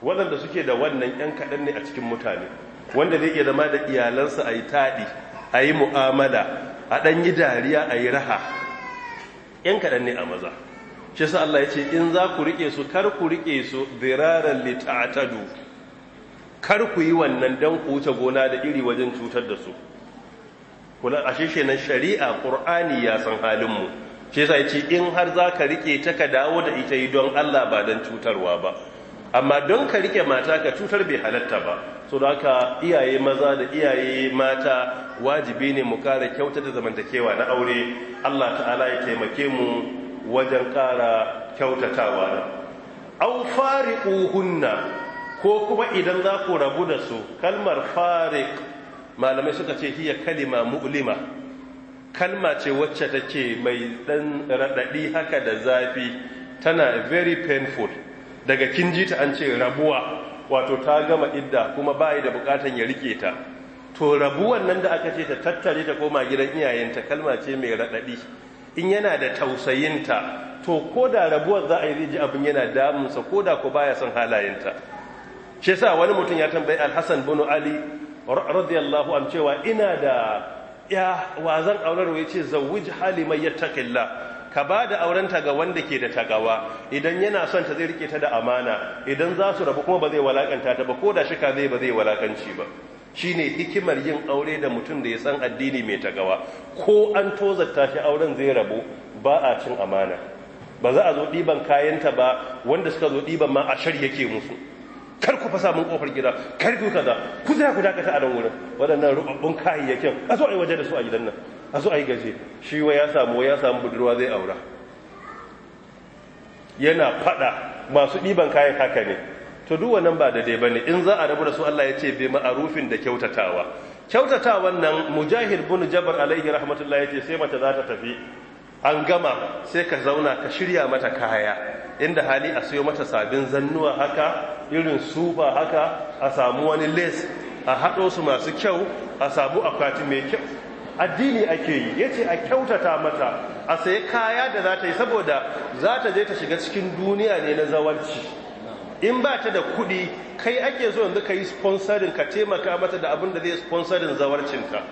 waɗanda suke da wannan 'yan kaɗan ne a cikin mutane wanda zai iya zama da iyalansa a yi taɗi a yi mu'amala a ɗan yi dariya a yi raha 'yan kaɗan ne a maza shi sa Allah ya ce in za ku riƙe su kar ku riƙe su zirarar littatadu kar ku yi wannan don ku wuce gona da iri wajen cutar da su kula ashe na shari'a qur'ani ya san halinmu mu shi yasa in har zaka rike ta ka dawo da ita yi don Allah ba dan cutarwa ba amma don ka rike mata ka cutar bai halatta ba so da haka iyaye maza da iyaye mata wajibi ne mu kare kyautata zamantakewa na aure Allah ta'ala ya taimake mu wajen kara kyautatawa da au fariquhunna ko kuma idan za ku rabu da su kalmar fariq malamai suka ce hiya kalima mu'lima kalma ce wacce take mai dan radadi haka da zafi tana very painful daga kin ji ta an ce rabuwa wato ta gama idda kuma bai da bukatan ya rike ta to rabuwan nan da aka ce ta tattare ta koma gidan iyayenta kalma ce mai radadi in yana da tausayinta to ko da rabuwar za a yi ji abin yana damunsa ko da ko baya son halayenta shi yasa wani mutum ya tambayi alhassan bin ali radiyallahu an cewa ina da ya wazan aurar ya ce zawuj halimai ya takilla ka ba da aurenta ga wanda ke da tagawa idan yana son ta zai rike ta da amana idan za su rabu kuma ba zai walakanta ta ba ko da shika zai ba zai walakanci ba Shi ne hikimar yin aure da mutum da ya san addini mai tagawa ko an tozarta shi auren zai rabu ba a cin amana ba za a zo ɗiban kayanta ba wanda suka zo ɗiban ma a shar yake musu kar ku fasa mun kofar gida kar ku kaza ku tsaya ku dakata a nan wurin waɗannan rubabbun kayayyakin a zo a yi waje da su a gidan nan a zo a yi gaje shi wa ya samu ya samu budurwa zai aura yana faɗa masu ɗiban kayan haka ne to duk wannan ba ne, bane in za a rabu da su Allah ya ce bi ma'arufin da kyautatawa kyautatawan nan mujahid bin jabr alaihi rahmatullahi ya ce sai mace za ta tafi an gama sai ka zauna ka shirya mata kaya inda hali a siyo mata sabin zannuwa haka irin su ba haka a samu wani les a haɗo su masu kyau a samu akwati mai kyau addini ake yi ya ce a kyautata mata a sayi kaya da za ta yi saboda za ta je ta shiga cikin duniya ne na zawarci in ba ta da kuɗi kai ake zo yanzu ka yi sponsorin ka taimaka mata da abin da zai sponsorin zawarcinta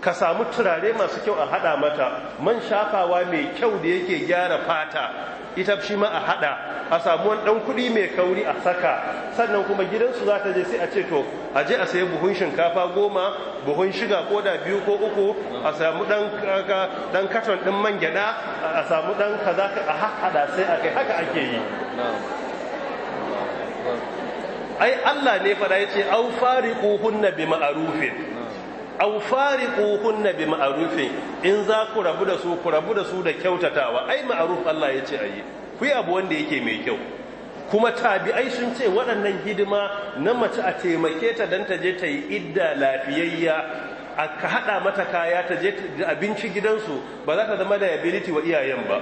ka samu turare masu kyau a hada mata man shafawa mai kyau da yake gyara fata ita shi ma a hada a samu wani dan kudi mai kauri a saka sannan kuma gidansu za ta je sai a ce to a je a sayi buhun shinkafa goma buhun shiga ko da biyu ko uku a samu dan dan katon din man gyada a samu dan kaza a hada sai a kai haka ake yi ai Allah ne da yace au fariquhunna bima'rufin aw fariquhunna bi ma'rufin in za ku rabu da su ku rabu da su da kyautatawa ai ma'ruf Allah yace ayi ku yi abu wanda yake mai kyau kuma tabi'ai sun ce waɗannan hidima na mace a taimake ta dan ta je ta yi idda lafiyayya a ka haɗa mata kaya ta je abinci gidansu ba za ta zama ability wa iyayen ba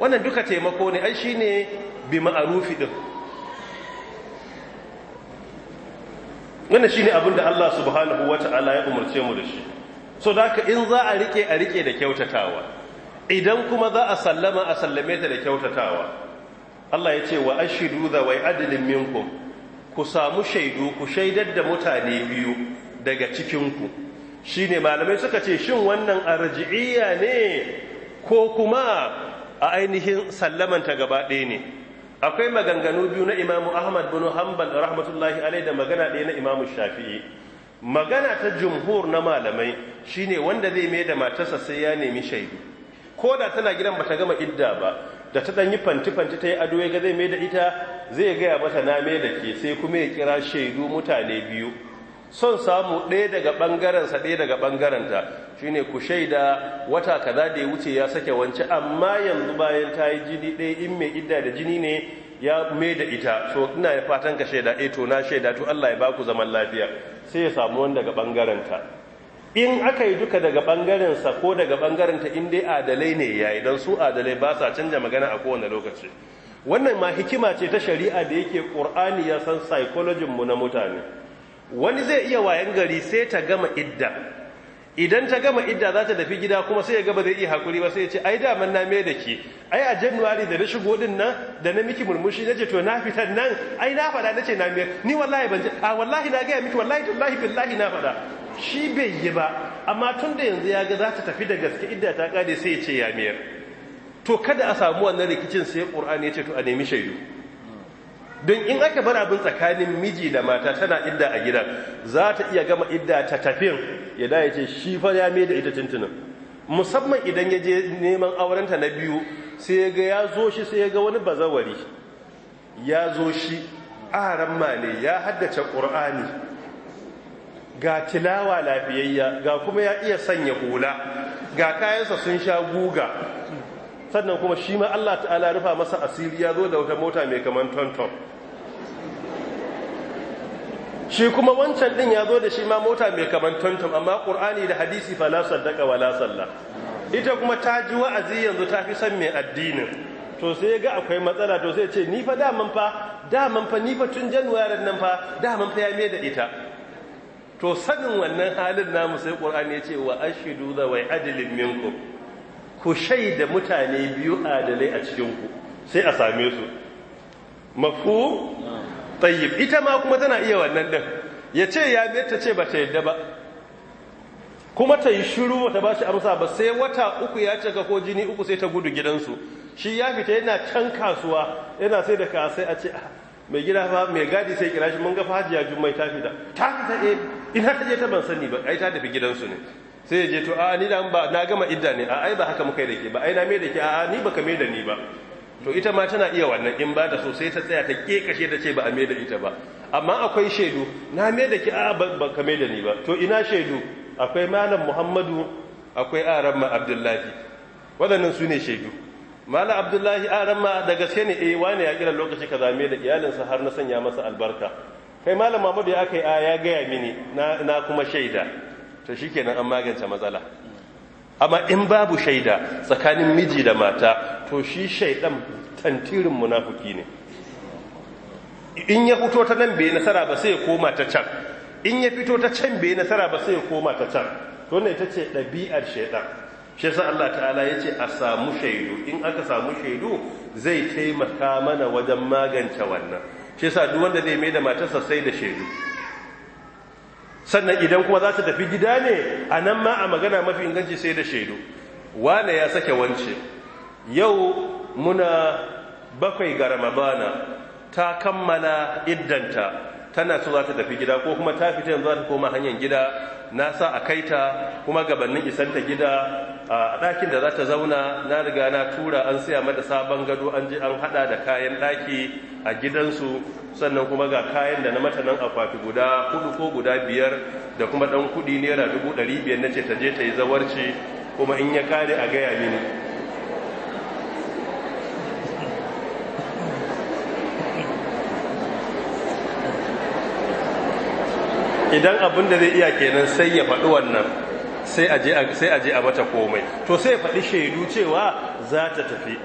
wannan duka taimako ne ai shine bi ma'ruf din wannan shine abin da Allah subhanahu wata'ala ya umarce mu da shi so da ka in za a rike a rike da kyautatawa idan kuma za a sallama a sallame ta da kyautatawa Allah ya ce wa ashidu da wai adilin minkum ku samu shaidu ku shaidar da mutane biyu daga cikinku shine malamai suka ce shin wannan arji'iyya ne ko kuma a ainihin sallamanta gaba ɗaya ne akwai maganganu biyu na imamu ahmad bin hanbal rahmatullahi alai da magana ɗaya na imamu shafi'i magana ta jumhur na malamai shine wanda zai mai da matarsa sai ya nemi shaidu ko da tana gidan bata gama idda ba da ta ɗan fanti-fanti ta yi ado ya ga zai mai da ita zai gaya mata na mai da ke sai kuma ya kira shaidu mutane biyu son samu ɗaya daga ɓangarensa ɗaya daga ɓangarenta shi ne ku shaida wata kaza da ya wuce ya sake wance amma yanzu bayan ta yi jini ɗaya in mai idda da jini ne ya mai da ita so ina ya fatan ka shaida e to na shaida to Allah ya baku zaman lafiya sai ya samu wani daga ta. in aka yi duka daga ɓangarensa ko daga ɓangarenta in dai adalai ne ya yi don su adalai ba sa canja magana a kowane lokaci wannan ma hikima ce ta shari'a da yake ƙur'ani ya san psychology mu na mutane wani zai iya wayan gari sai ta gama idda idan ta gama idda za ta tafi gida kuma sai ya gaba zai iya hakuri ba sai ya ce ai da na mai da ke ai a januwari da na shigo din nan da na miki murmushi na ce to na fitan nan ai na faɗa na ce na mai ni wallahi ban a wallahi na gaya miki wallahi tullahi billahi na faɗa shi bai yi ba amma tun da yanzu ya ga za ta tafi da gaske idda ta kade sai ya ce ya mai to kada a samu wannan rikicin sai qur'ani ya ce to a nemi shaidu don in aka bar abin tsakanin miji da mata tana idda a gidan za ta iya gama idda ta tafin ya da ya ce shi fa ya mai da ita tuntunan musamman idan ya je neman aurenta na biyu sai ya ga ya zo shi sai ya ga wani bazawari ya zo shi aran ne, ya haddace ƙur'ani ga tilawa lafiyayya ga kuma ya iya sanya hula ga kayansa sun sha guga sannan kuma shi ma Allah ta'ala rufa masa asiri ya zo da wata mota mai kaman tonton shi kuma wancan din ya zo da shi ma mota mai kaman tantum amma ƙur'ani da hadisi fa la saddaka wa la salla ita kuma ta ji wa'azi yanzu ta fi son mai addinin to sai ga akwai matsala to sai ce ni fa daman fa daman fa ni fa tun januwarin nan fa daman fa ya mai da ita to sanin wannan halin namu sai ƙur'ani ya ce wa ashidu da wai adlin minku ku shaida mutane biyu adalai a cikinku sai a same su mafu tayyib ita ma kuma tana iya wannan din ya ce ya ta ce ba ta yadda ba kuma ta yi shiru ta ba shi amsa ba sai wata uku ya ga ko jini uku sai ta gudu gidansu shi ya fita yana can kasuwa yana sai da kasai a ce ah, mai gida fa mai gadi sai kira shi mun ga ya jummai ta fita ta fita e, ina ta je ta ban sani ba ai ta tafi gidansu ne sai ya je to a ni da ba na gama idda ne a ai ba haka muka yi da ke ba ai na mai da ke a ni baka mai da ni ba to ita ma tana iya wannan in ba da sosai ta tsaya ta kekashe da ce ba a da ita ba amma akwai shaidu na da ki a ba ka da ni ba to ina shaidu akwai malam muhammadu akwai aramma abdullahi waɗannan su ne shaidu malam abdullahi aramma da gaske ne eh wani ya kira lokaci ka zame da iyalinsa har na sanya masa albarka kai malam muhammadu ya aka a ya gaya mini na kuma shaida to shikenan an magance matsala amma in babu shaida tsakanin miji da mata to shi shaidan tantirin munafuki ne in ya fito ta nan bai nasara ba sai ya koma ta can in ya fito ta can bai nasara ba sai ya koma ta can to ne ita ce ɗabi'ar shaidan shi sa Allah ta'ala ya ce a samu shaidu in aka samu shaidu zai taimaka mana wajen magance wannan shi sa duk wanda zai mai da matarsa sai da shaidu sannan idan kuma za ta tafi gida ne a nan ma a magana mafi inganci sai da shaidu wane ya sake wance yau muna bakwai ga ramabana, ta kammala iddanta tana so za ta tafi gida ko kuma ta fita yanzu za ta koma hanyar gida na sa a kaita kuma gabanin isanta gida a ɗakin da za ta zauna na riga na tura an siya mata sabon gado an ji an haɗa da kayan ɗaki a gidansu sannan kuma ga kayan da na mata nan akwati guda hudu ko guda biyar da kuma ɗan kuɗi naira dubu ɗari biyar na ce ta je ta yi zawarci kuma in ya kare a gaya mini idan abin da zai iya kenan sai ya faɗi wannan sai a je a mata komai to sai faɗi shaidu cewa za ta tafi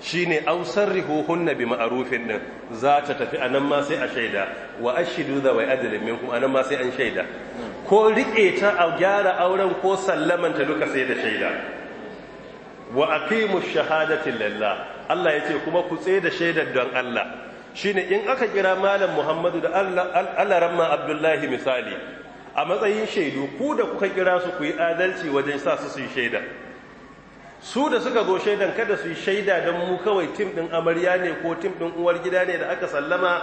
shi ne ausar rihohun na bi ma'arufin ɗin za ta tafi a nan ma sai a shaida wa ashidu za wai adalin minkum a nan ma sai an shaida ko riƙe ta a gyara auren ko sallamanta duka sai da shaida wa aqimu shahadati lillah Allah yace kuma ku tsaye da shaidar don Allah shine in aka kira malam Muhammadu da Allah ramma Abdullahi misali a matsayin shaidu ku da kuka kira su ku yi adalci wajen sa su su yi shaida su da suka zo shaidan kada su yi shaida don mu kawai tim ɗin amarya ne ko tim ɗin uwar gida ne da aka sallama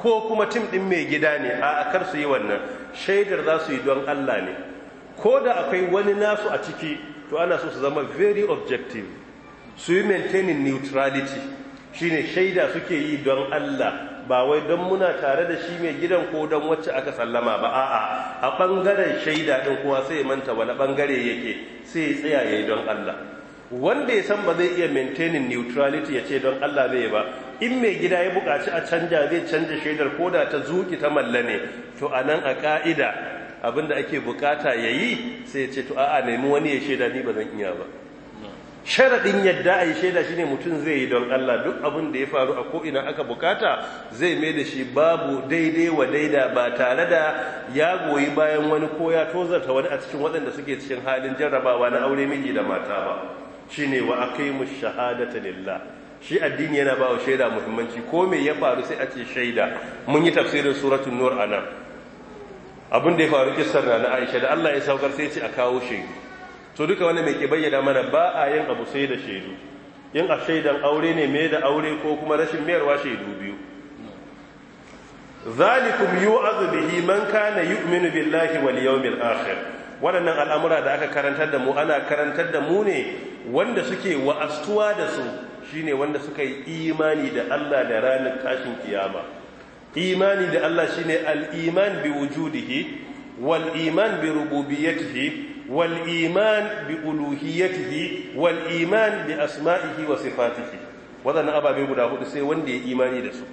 ko kuma tim ɗin mai gida ne a kar su yi wannan shaidar za su yi don Allah ne ko da akwai wani nasu a ciki to ana so su zama very objective su yi maintaining neutrality shine shaida suke yi don Allah ba wai don muna tare da shi mai gidan ko don wacce aka sallama ba a'a a ɓangaren shaida ɗin kuwa sai manta wani ɓangare yake sai tsaya ya yi don Allah wanda ya san ba zai iya maintaining neutrality ya ce don Allah zai ba in mai gida ya buƙaci a canja zai canja shaidar ko da ta zuki ta malla ne to a nan a ƙa'ida abinda ake buƙata ya yi sai ya ce to a'a nemi wani ya shaida ni ba zan iya ba sharaɗin yadda a yi shaida shine mutum zai yi don Allah duk abin da ya faru a ko'ina aka bukata zai mai da shi babu daidai wa daida ba tare da ya goyi bayan wani ko ya tozarta wani a cikin waɗanda suke cikin halin jarrabawa na aure miji da mata ba Shi ne wa aka yi mu shahadata lilla. shi addini yana ba wa shaida muhimmanci ko mai ya faru sai a ce shaida mun yi tafsirin suratun nur nan. abin da ya faru kisar na Aisha da Allah ya saukar sai ce a kawo shaidu Su duka wanda mai ke bayyana mana ba a yin abu sai da shaidu yin a shaidan aure ne mai da aure ko kuma rashin mayarwa shaidu biyu zalikum yu'azu bihi man kana yu'minu billahi wal yawmil akhir waɗannan al'amura da aka karantar da mu ana karantar da mu ne wanda suke wa'astuwa da su shine wanda suka yi imani da Allah da ranar tashin kiyama imani da Allah shine al-iman bi wujudihi wal iman bi rububiyyatihi Wal'iman bi uluhiyatihi wal iman bi asma'ihi wa sifatihi wadannan ababe guda hudu sai wanda ya imani da su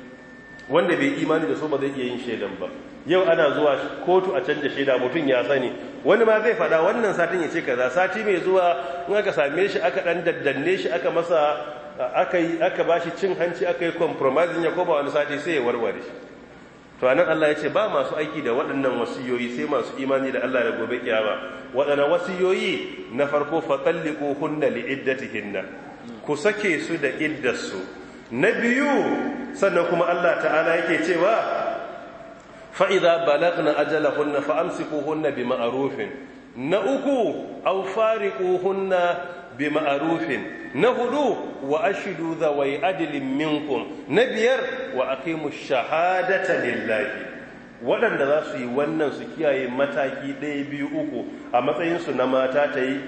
wanda bai imani da su ba zai iya yin shaidan ba yau ana zuwa kotu a canja shaida mutum ya sani wani ma zai faɗa wannan satin ya ce kaza sati mai zuwa in aka same shi aka ɗan daddanne shi aka masa aka yi aka bashi cin hanci aka yi compromising ya koba wani sati sai ya warware shi to anan Allah ya ce ba masu aiki da waɗannan wasiyoyi sai masu imani da Allah da gobe kiyama waɗannan wasiyoyi na farko fatalliqu hunna li iddatihinna ku sake su da iddarsu na biyu sannan kuma Allah ta'ala yake cewa fa idza balagna ajalahunna fa amsikuhunna bi ma'rufin na uku aw fariquhunna bi ma'arufin na hudu wa ashidu zawai adilin minkum na biyar wa aqimu shahadata lillahi waɗanda za su yi wannan su kiyaye mataki ɗaya biyu uku a matsayinsu na mata ta yi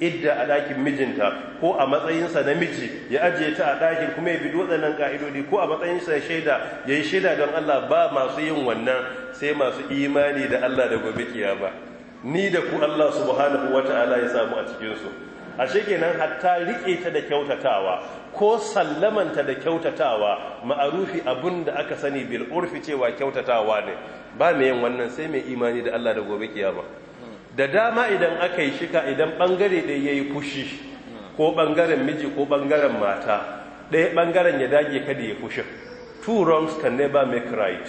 idda a ɗakin mijinta ko a matsayinsa na miji ya ajiye ta a ɗakin kuma ya bi waɗannan ka'idodi ko a matsayinsa ya shaida ya yi shaida don Allah ba masu yin wannan sai masu imani da Allah da gobe kiyama ni da ku Allah subhanahu wata'ala ya samu a cikinsu ashe nan, hatta riƙe ta da kyautatawa ko sallamanta da kyautatawa ma'arufi abun da aka sani bil cewa kyautatawa ne ba mai yin wannan sai mai imani da Allah da gobe kiyama da dama idan aka yi shika idan bangare da yi kushi ko bangaren miji ko bangaren mata ɗaya bangaren ya dage kada ya kushi two wrongs can never make right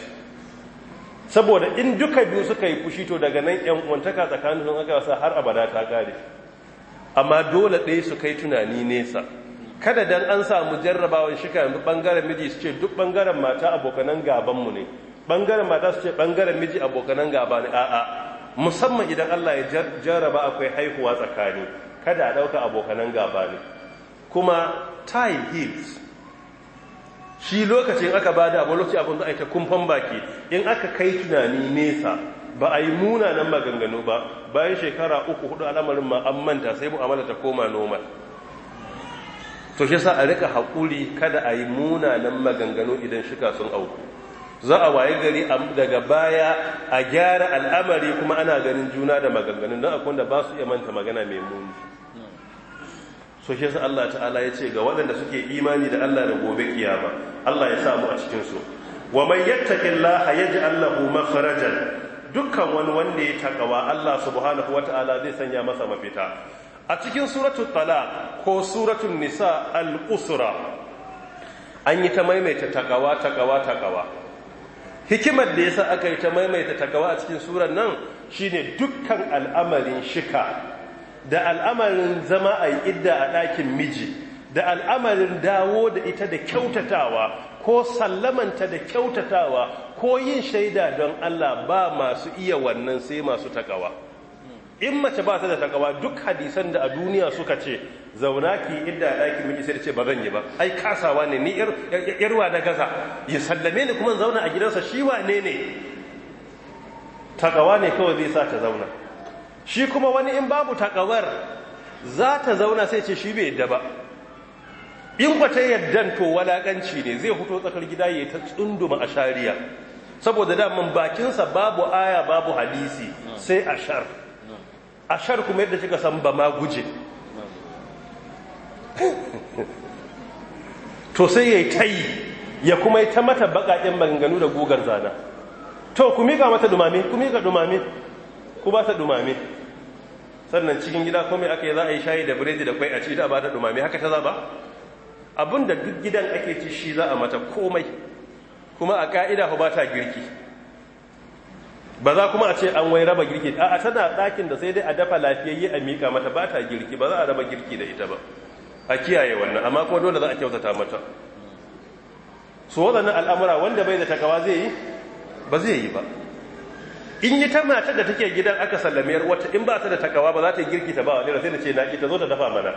saboda in duka biyu suka yi fushi to daga nan yan uwantaka tsakanin aka wasa har abada ta kare amma dole ɗaya su kai tunani nesa kada dan an samu jarrabawan shika ɓangaren miji su ce duk ɓangaren mata abokanan gabanmu ne Ɓangaren mata su ce ɓangaren miji abokanan gaba ne a'a musamman idan Allah ya jarraba akwai haihuwa tsakani kada a ɗauka abokanan gaba ne kuma time heals shi lokacin aka bada abu lokacin abin da aita kumfan baki in aka kai tunani nesa ba a yi munanan maganganu ba bayan shekara uku hudu al'amarin ma an manta sai amala ta koma noma. to shi sa a rika haƙuri kada a yi munanan maganganu idan shika sun auku za a waye gari daga baya a gyara al'amari kuma ana ganin juna da maganganu don akwai da ba su iya manta magana mai muni so shi sa Allah ta'ala ya ce ga waɗanda suke imani da Allah da gobe kiyama Allah ya samu a cikinsu wa mai yattakin a ya ji Allah dukkan wani wanda ya takawa Allah subhanahu wata'ala zai sanya masa mafita a cikin suratun tala ko suratun nisa al-usra an yi ta maimaita takawa takawa takawa hikimar da yasa aka yi ta maimaita takawa a cikin surar nan shine dukkan al'amarin shika da al'amarin zama a idda a ɗakin miji da al'amarin dawo da ita da kyautatawa ko sallamanta da kyautatawa ko yin shaida don Allah ba masu iya wannan sai masu takawa in mace ba ta da takawa duk hadisan da a duniya suka ce zauna ki idda daki miji sai ce ba zan yi ba ai kasawa ne ni yarwa na gaza ya sallame ni kuma zauna a gidansa shi wane ne takawa ne kawai zai sa ta zauna shi kuma wani in babu takawar za ta zauna sai ce shi bai yadda ba in kwata ta to walakanci ne zai fito tsakar gida ya ta tsunduma a shari'a saboda daman bakinsa babu aya babu hadisi sai ashar ashar kuma yadda kika san ba ma guje to sai yayi tayi ya kuma yi ta mata bakaƙen maganganu da gugar zana to ku miƙa mata dumame ku miƙa dumame ku ba ta dumame sannan cikin gida komai aka yi za a yi shayi da biredi da kwai a ci da ba ta dumame haka ta zaba abinda duk gidan ake ci shi za a mata komai kuma a ka'ida ba ta girki ba za kuma a ce an wai raba girki a tana ɗakin da sai dai a dafa lafiyayye a miƙa mata ba ta girki ba za a raba girki da ita ba a kiyaye wannan amma kuma dole za a kyautata mata su waɗannan al'amura wanda bai da takawa zai yi ba zai yi ba in yi ta matar da take gidan aka sallame yar wata in ba ta da takawa ba za ta yi girki ta ba wani sai da ce na ita zo ta dafa mana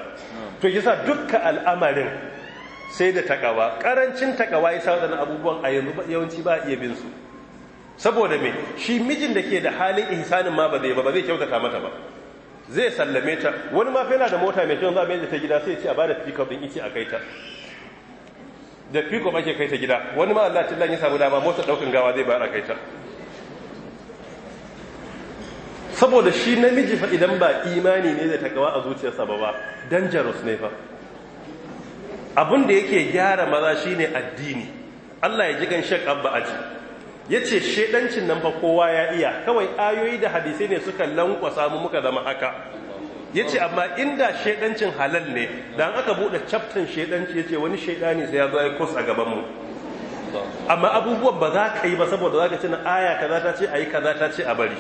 to sa dukkan al'amarin sai da takawa karancin takawa ya sa na abubuwan a yanzu yawanci ba iya bin su saboda me shi mijin da ke da halin ihsanin ma ba zai ba ba zai kyautata mata ba zai sallame ta wani ma yana da mota mai kyau za mai da ta gida sai ce a bada pick up din a kai ta da pick up ake kai ta gida wani ma Allah tillan ya samu dama motar daukan gawa zai bayar a kai ta saboda shi namiji fa idan ba imani ne da takawa a zuciyarsa ba ba dangerous ne fa abin da yake gyara maza shine addini Allah ya ji gan shek abba aji yace shedancin nan fa kowa ya iya kawai ayoyi da hadisai ne suka lankwasa mu muka zama haka yace amma inda shedancin halal ne dan aka bude chapter shedanci yace wani ne sai ya zo ya kus a gaban mu amma abubuwan ba za ka yi ba saboda za ka ce na aya kaza ta ce ayi kaza ta ce a bari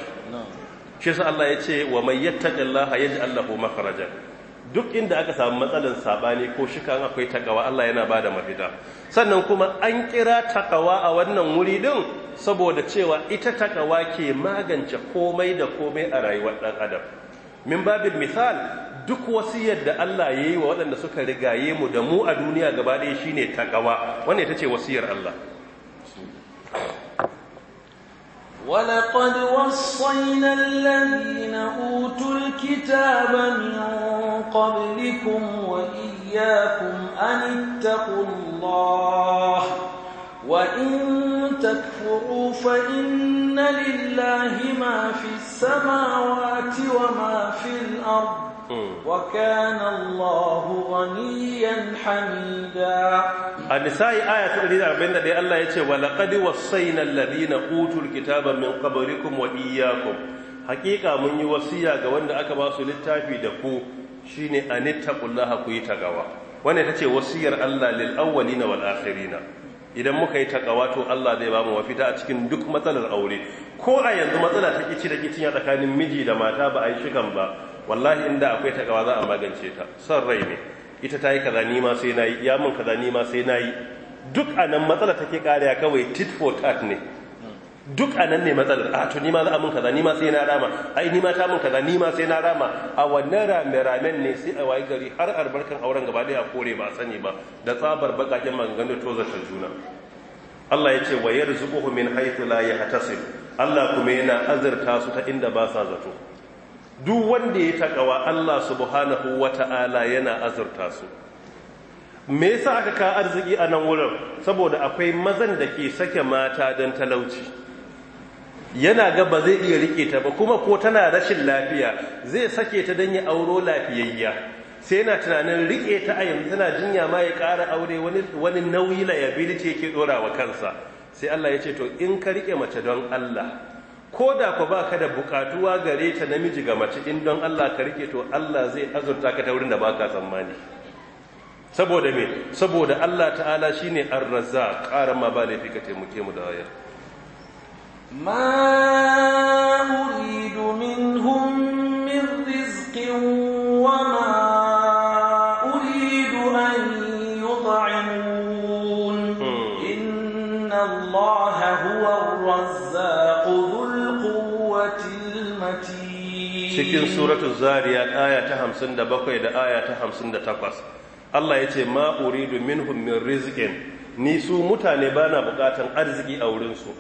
shi sa Allah yace wa may yattaqillaha yaj'al lahu makhrajan duk inda aka samu matsalin sabani ko shika akwai takawa Allah yana bada mafita sannan kuma an kira takawa a wannan wuri din saboda cewa ita takawa ke magance komai da komai a rayuwar dan adam min babin misal duk wasiyar da Allah ya yi wa waɗanda suka rigaye mu da mu a duniya gaba ɗaya shine takawa wannan ita ce wasiyar Allah ولقد وصينا الذين أوتوا الكتاب من قبلكم وإياكم أن اتقوا الله وإن تكفروا فإن لله ما في السماوات وما في الأرض وكان الله غنيا حميدا النساء آية 141 الله يتي ولقد وصينا الذين أوتوا الكتاب من قبلكم وإياكم حقيقة من يوصيها ga wanda aka basu littafi da ku shine anittaqullaha ku yi takawa wanda tace wasiyar Allah lil awwalina wal na. idan muka yi takawa to Allah zai bamu mu mafita a cikin duk matsalar aure ko a yanzu matsala ta kici da kicinya tsakanin miji da mata ba a yi shigan ba wallahi inda akwai takawa za a magance ta son rai ne ita ta yi kaza ni ma sai na yi ya mun kaza ni ma sai na yi duk a nan matsala take kariya kawai tit for tat ne duk a nan ne matsalar a to nima za a mun kaza nima sai na rama ai nima ta mun kaza nima sai na rama a wannan rame ramen ne sai a wayi gari har albarkan auren gaba daya kore ba sani ba da tsabar bakakin maganganun tozarta juna Allah ya ce wa yarzuquhu min haythu la yahtasib Allah kuma yana azurta su ta inda ba sa zato duk wanda ya wa Allah subhanahu wata'ala yana azurta su me yasa aka ka arziki a nan wurin saboda akwai mazan da ke sake mata don talauci yana ga ba zai iya rike ta ba kuma ko tana rashin lafiya zai sake ta don ya auro lafiyayya sai yana tunanin rike ta a yanzu tana jinya ma ya ƙara aure wani nauyi liability yake ɗora wa kansa sai Allah ya ce to in ka rike mace don Allah ko da ku ba ka da bukatuwa gare ta namiji ga mace in don Allah ka rike to Allah zai azurta ka ta wurin da baka tsammani saboda me saboda Allah ta'ala shine ar-razzaq qaran ma ba laifi ka taimake mu da wayar ma uridu minhum cikin suratul zariyat aya ta hamsin da bakwai da aya ta hamsin da takwas, Allah ya ce ma uridu minhum min rizqin ni su mutane ba na bukatan arziki a wurinsu,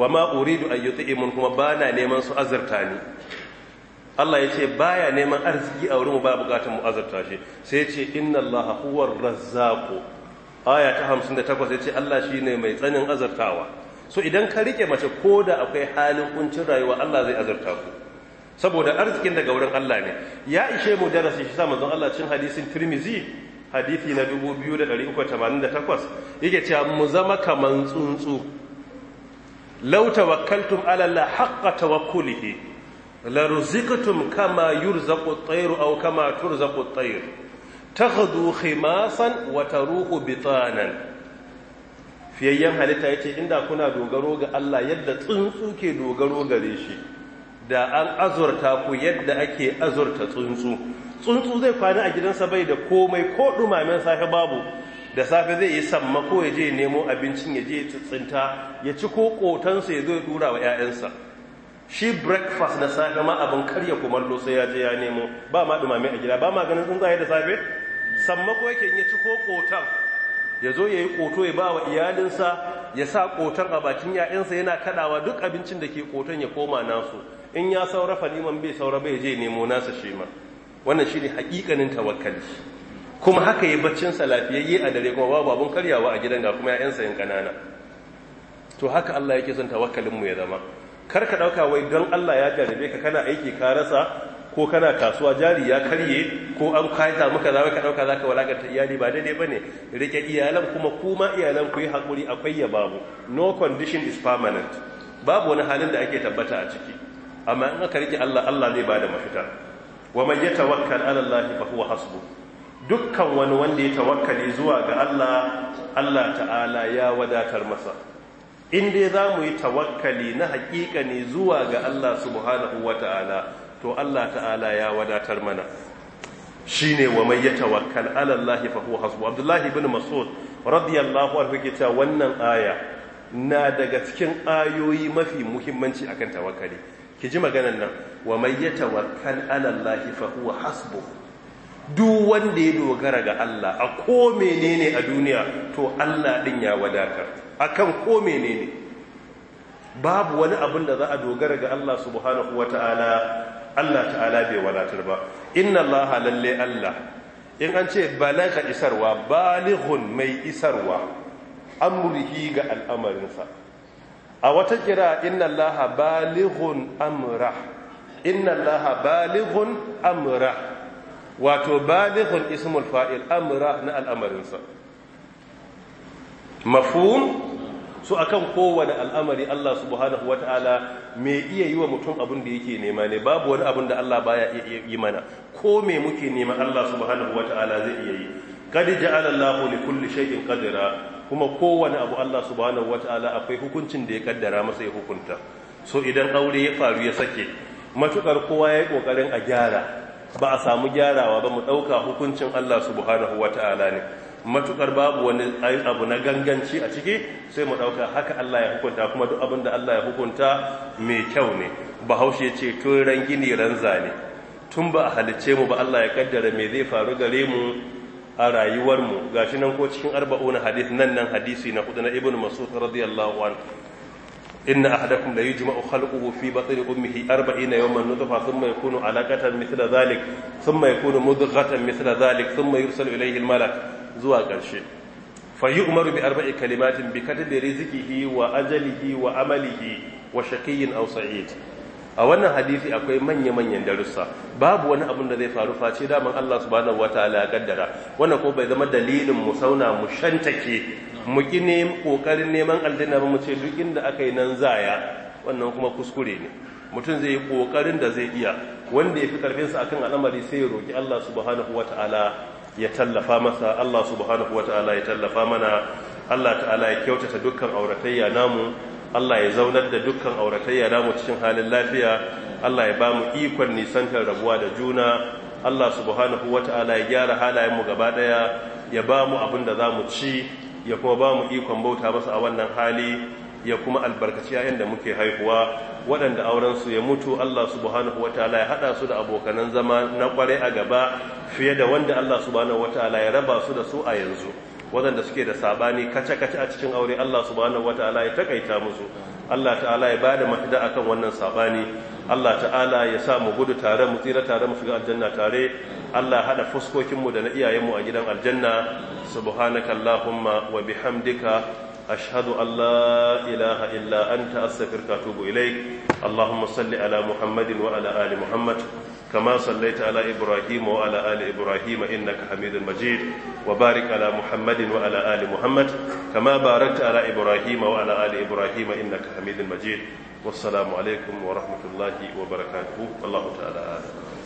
wa ma uridu an yut'imun kuma na neman su azurta ni Allah ya ce ba ya neman arziki a wurin ba bukatan mu azurta shi sai ya ce inna Allah huwar razzaqu aya ta hamsin da takwas ya ce Allah shi ne mai tsanin azurtawa so idan ka rike mace ko da akwai halin kuncin rayuwa Allah zai azurta ku saboda arzikin daga wurin Allah ne ya ishe mu darasi shi sa manzon Allah cin hadisin Tirmizi hadisi na 2388 yake cewa mu zama kaman tsuntsu law tawakkaltum ala Allah haqqa tawakkulihi la ruziqtum kama yurzaqu at-tayr aw kama turzaqu at-tayr takhudhu khimasan wa taruhu bitanan fiyayyen halitta yace inda kuna dogaro ga Allah yadda tsuntsu ke dogaro gare shi da an azurta ku yadda ake azurta tsuntsu tsuntsu zai kwana a gidansa bai da komai ko dumamen safe babu da safe zai yi samma ko ya je nemo abincin ya je tsinta ya ci ko kotansa ya zo ya dura wa 'ya'yansa shi breakfast na safe ma abin karya kumallo sai ya je ya nemo ba ma dumame a gida ba ma ganin tsuntsaye da safe samma ko yake ya ci ko kotan ya zo ya yi koto ya ba wa iyalinsa ya sa kotan a bakin 'ya'yansa yana kadawa duk abincin da ke koton ya koma nasu in ya saura faliman bai saura bai je nemo nasa shi ma wannan ne hakikanin tawakkali kuma haka yi baccin lafiyayye a dare kuma babu abun karyawa a gidan ga kuma ya yansa yin kanana to haka Allah yake son tawakkalin mu ya zama kar ka ɗauka wai don Allah ya jarabe ka kana aiki ka rasa ko kana kasuwa jari ya karye ko an kaita muka za ka dauka zaka walakanta iyali ba daidai ne rike iyalan kuma kuma iyalan ku yi hakuri akwai ya babu no condition is permanent babu wani halin da ake tabbata a ciki amma in aka rike Allah Allah zai bada mafita wa man yatawakkal ala Allah fa huwa hasbu dukkan wani wanda ya tawakkali zuwa ga Allah Allah ta'ala ya wadatar masa in dai za mu yi tawakkali na haƙiƙa ne zuwa ga Allah subhanahu wa ta'ala to Allah ta'ala ya wadatar mana shi ne wa mai ya tawakkal alallahi fa huwa hasbu abdullahi ibn mas'ud radiyallahu anhu yake wannan aya na daga cikin ayoyi mafi muhimmanci akan tawakkali ki ji maganan nan wa mai ya tawakkal alallahi fa huwa hasbu duk wanda ya dogara ga Allah a ko menene a duniya to Allah ɗin ya wadatar akan ko menene babu wani abin da za a dogara ga Allah subhanahu wata'ala Allah ta'ala bai wadatar ba inna Allah lalle Allah in an ce balaga isarwa balighun mai isarwa amrihi ga al'amarinsa a wata kira inna allaha balighun amra inna allaha balighun amra wato balighun ismul fa'il amra na al'amarinsa mafhum su akan kowane al'amari Allah subhanahu wata'ala me iya yi wa mutum abin da yake nema ne babu wani abin da Allah baya iya yi mana ko me muke nema Allah subhanahu wata'ala zai iya yi qad ja'ala Allahu li kulli shay'in qadira kuma kowane abu Allah subhanahu wata'ala akwai hukuncin da ya kaddara masa ya hukunta so idan aure ya faru ya sake matukar kowa ya yi kokarin a gyara ba a samu gyarawa ba mu dauka hukuncin Allah subhanahu wata'ala ne matukar babu wani abu na ganganci a ciki sai mu dauka haka Allah ya hukunta kuma duk abin da Allah ya hukunta mai kyau ne bahaushe ce tun ran gini ne tun ba a halice mu ba Allah ya kaddara me zai faru gare mu a rayuwarmu shi nan ko cikin arba'una hadith nan nan hadisi na hudu na ibn masud radiyallahu anhu inna ahadakum la yujma'u khalquhu fi batni ummihi 40 yawman nutfa thumma yakunu 'alaqatan mithla dhalik thumma yakunu mudghatan mithla dhalik thumma yursalu ilayhi al-malak zuwa karshe fa yu'maru bi arba'i kalimatin bi katbi rizqihi wa ajalihi wa amalihi wa shaqiyyin aw sa'id a wannan hadisi akwai manya-manyan darussa babu wani abin da zai faru face daman Allah subhanahu wataala ya kaddara wannan ko bai zama dalilin mu sauna mu shantake mu ki kokarin neman aljanna ba mu ce duk inda aka yi nan zaya wannan kuma kuskure ne mutum zai yi kokarin da zai iya wanda ya fi karfin sa akan al'amari sai ya roki Allah subhanahu wataala ya tallafa masa Allah subhanahu wataala ya tallafa mana Allah ta'ala ya kyautata dukkan auratayya namu Allah ya zaunar da dukkan auratayya namu cikin halin lafiya Allah ya ba mu ikon nisantar rabuwa da juna Allah subhanahu ala ya gyara halayenmu gaba daya ya ba mu abin da za mu ci ya kuma ba mu ikon bauta masa a wannan hali ya kuma albarkaci yayin da muke haihuwa waɗanda aurensu ya mutu Allah subhanahu ala ya haɗa su da abokanan zama na ƙware a gaba fiye da wanda Allah subhanahu ala ya raba su da su a yanzu waɗanda suke da sabani kace-kace a cikin aure Allah subhanahu wataala ya takaita musu Allah ta'ala ya bada mafida akan wannan sabani Allah ta'ala ya sa mu gudu tare mu tsira tare mu shiga aljanna tare Allah hada fuskokin mu da na iyayenmu a gidan aljanna subhanakallahumma wa bihamdika أشهد أن illa إله إلا أنت أستغفرك وأتوب إليك salli ala muhammadin محمد وعلى آل كما صليت على إبراهيم وعلى آل إبراهيم إنك حميد مجيد وبارك على محمد وعلى آل محمد كما باركت على إبراهيم وعلى آل إبراهيم إنك حميد مجيد والسلام عليكم ورحمة الله وبركاته والله تعالى آمين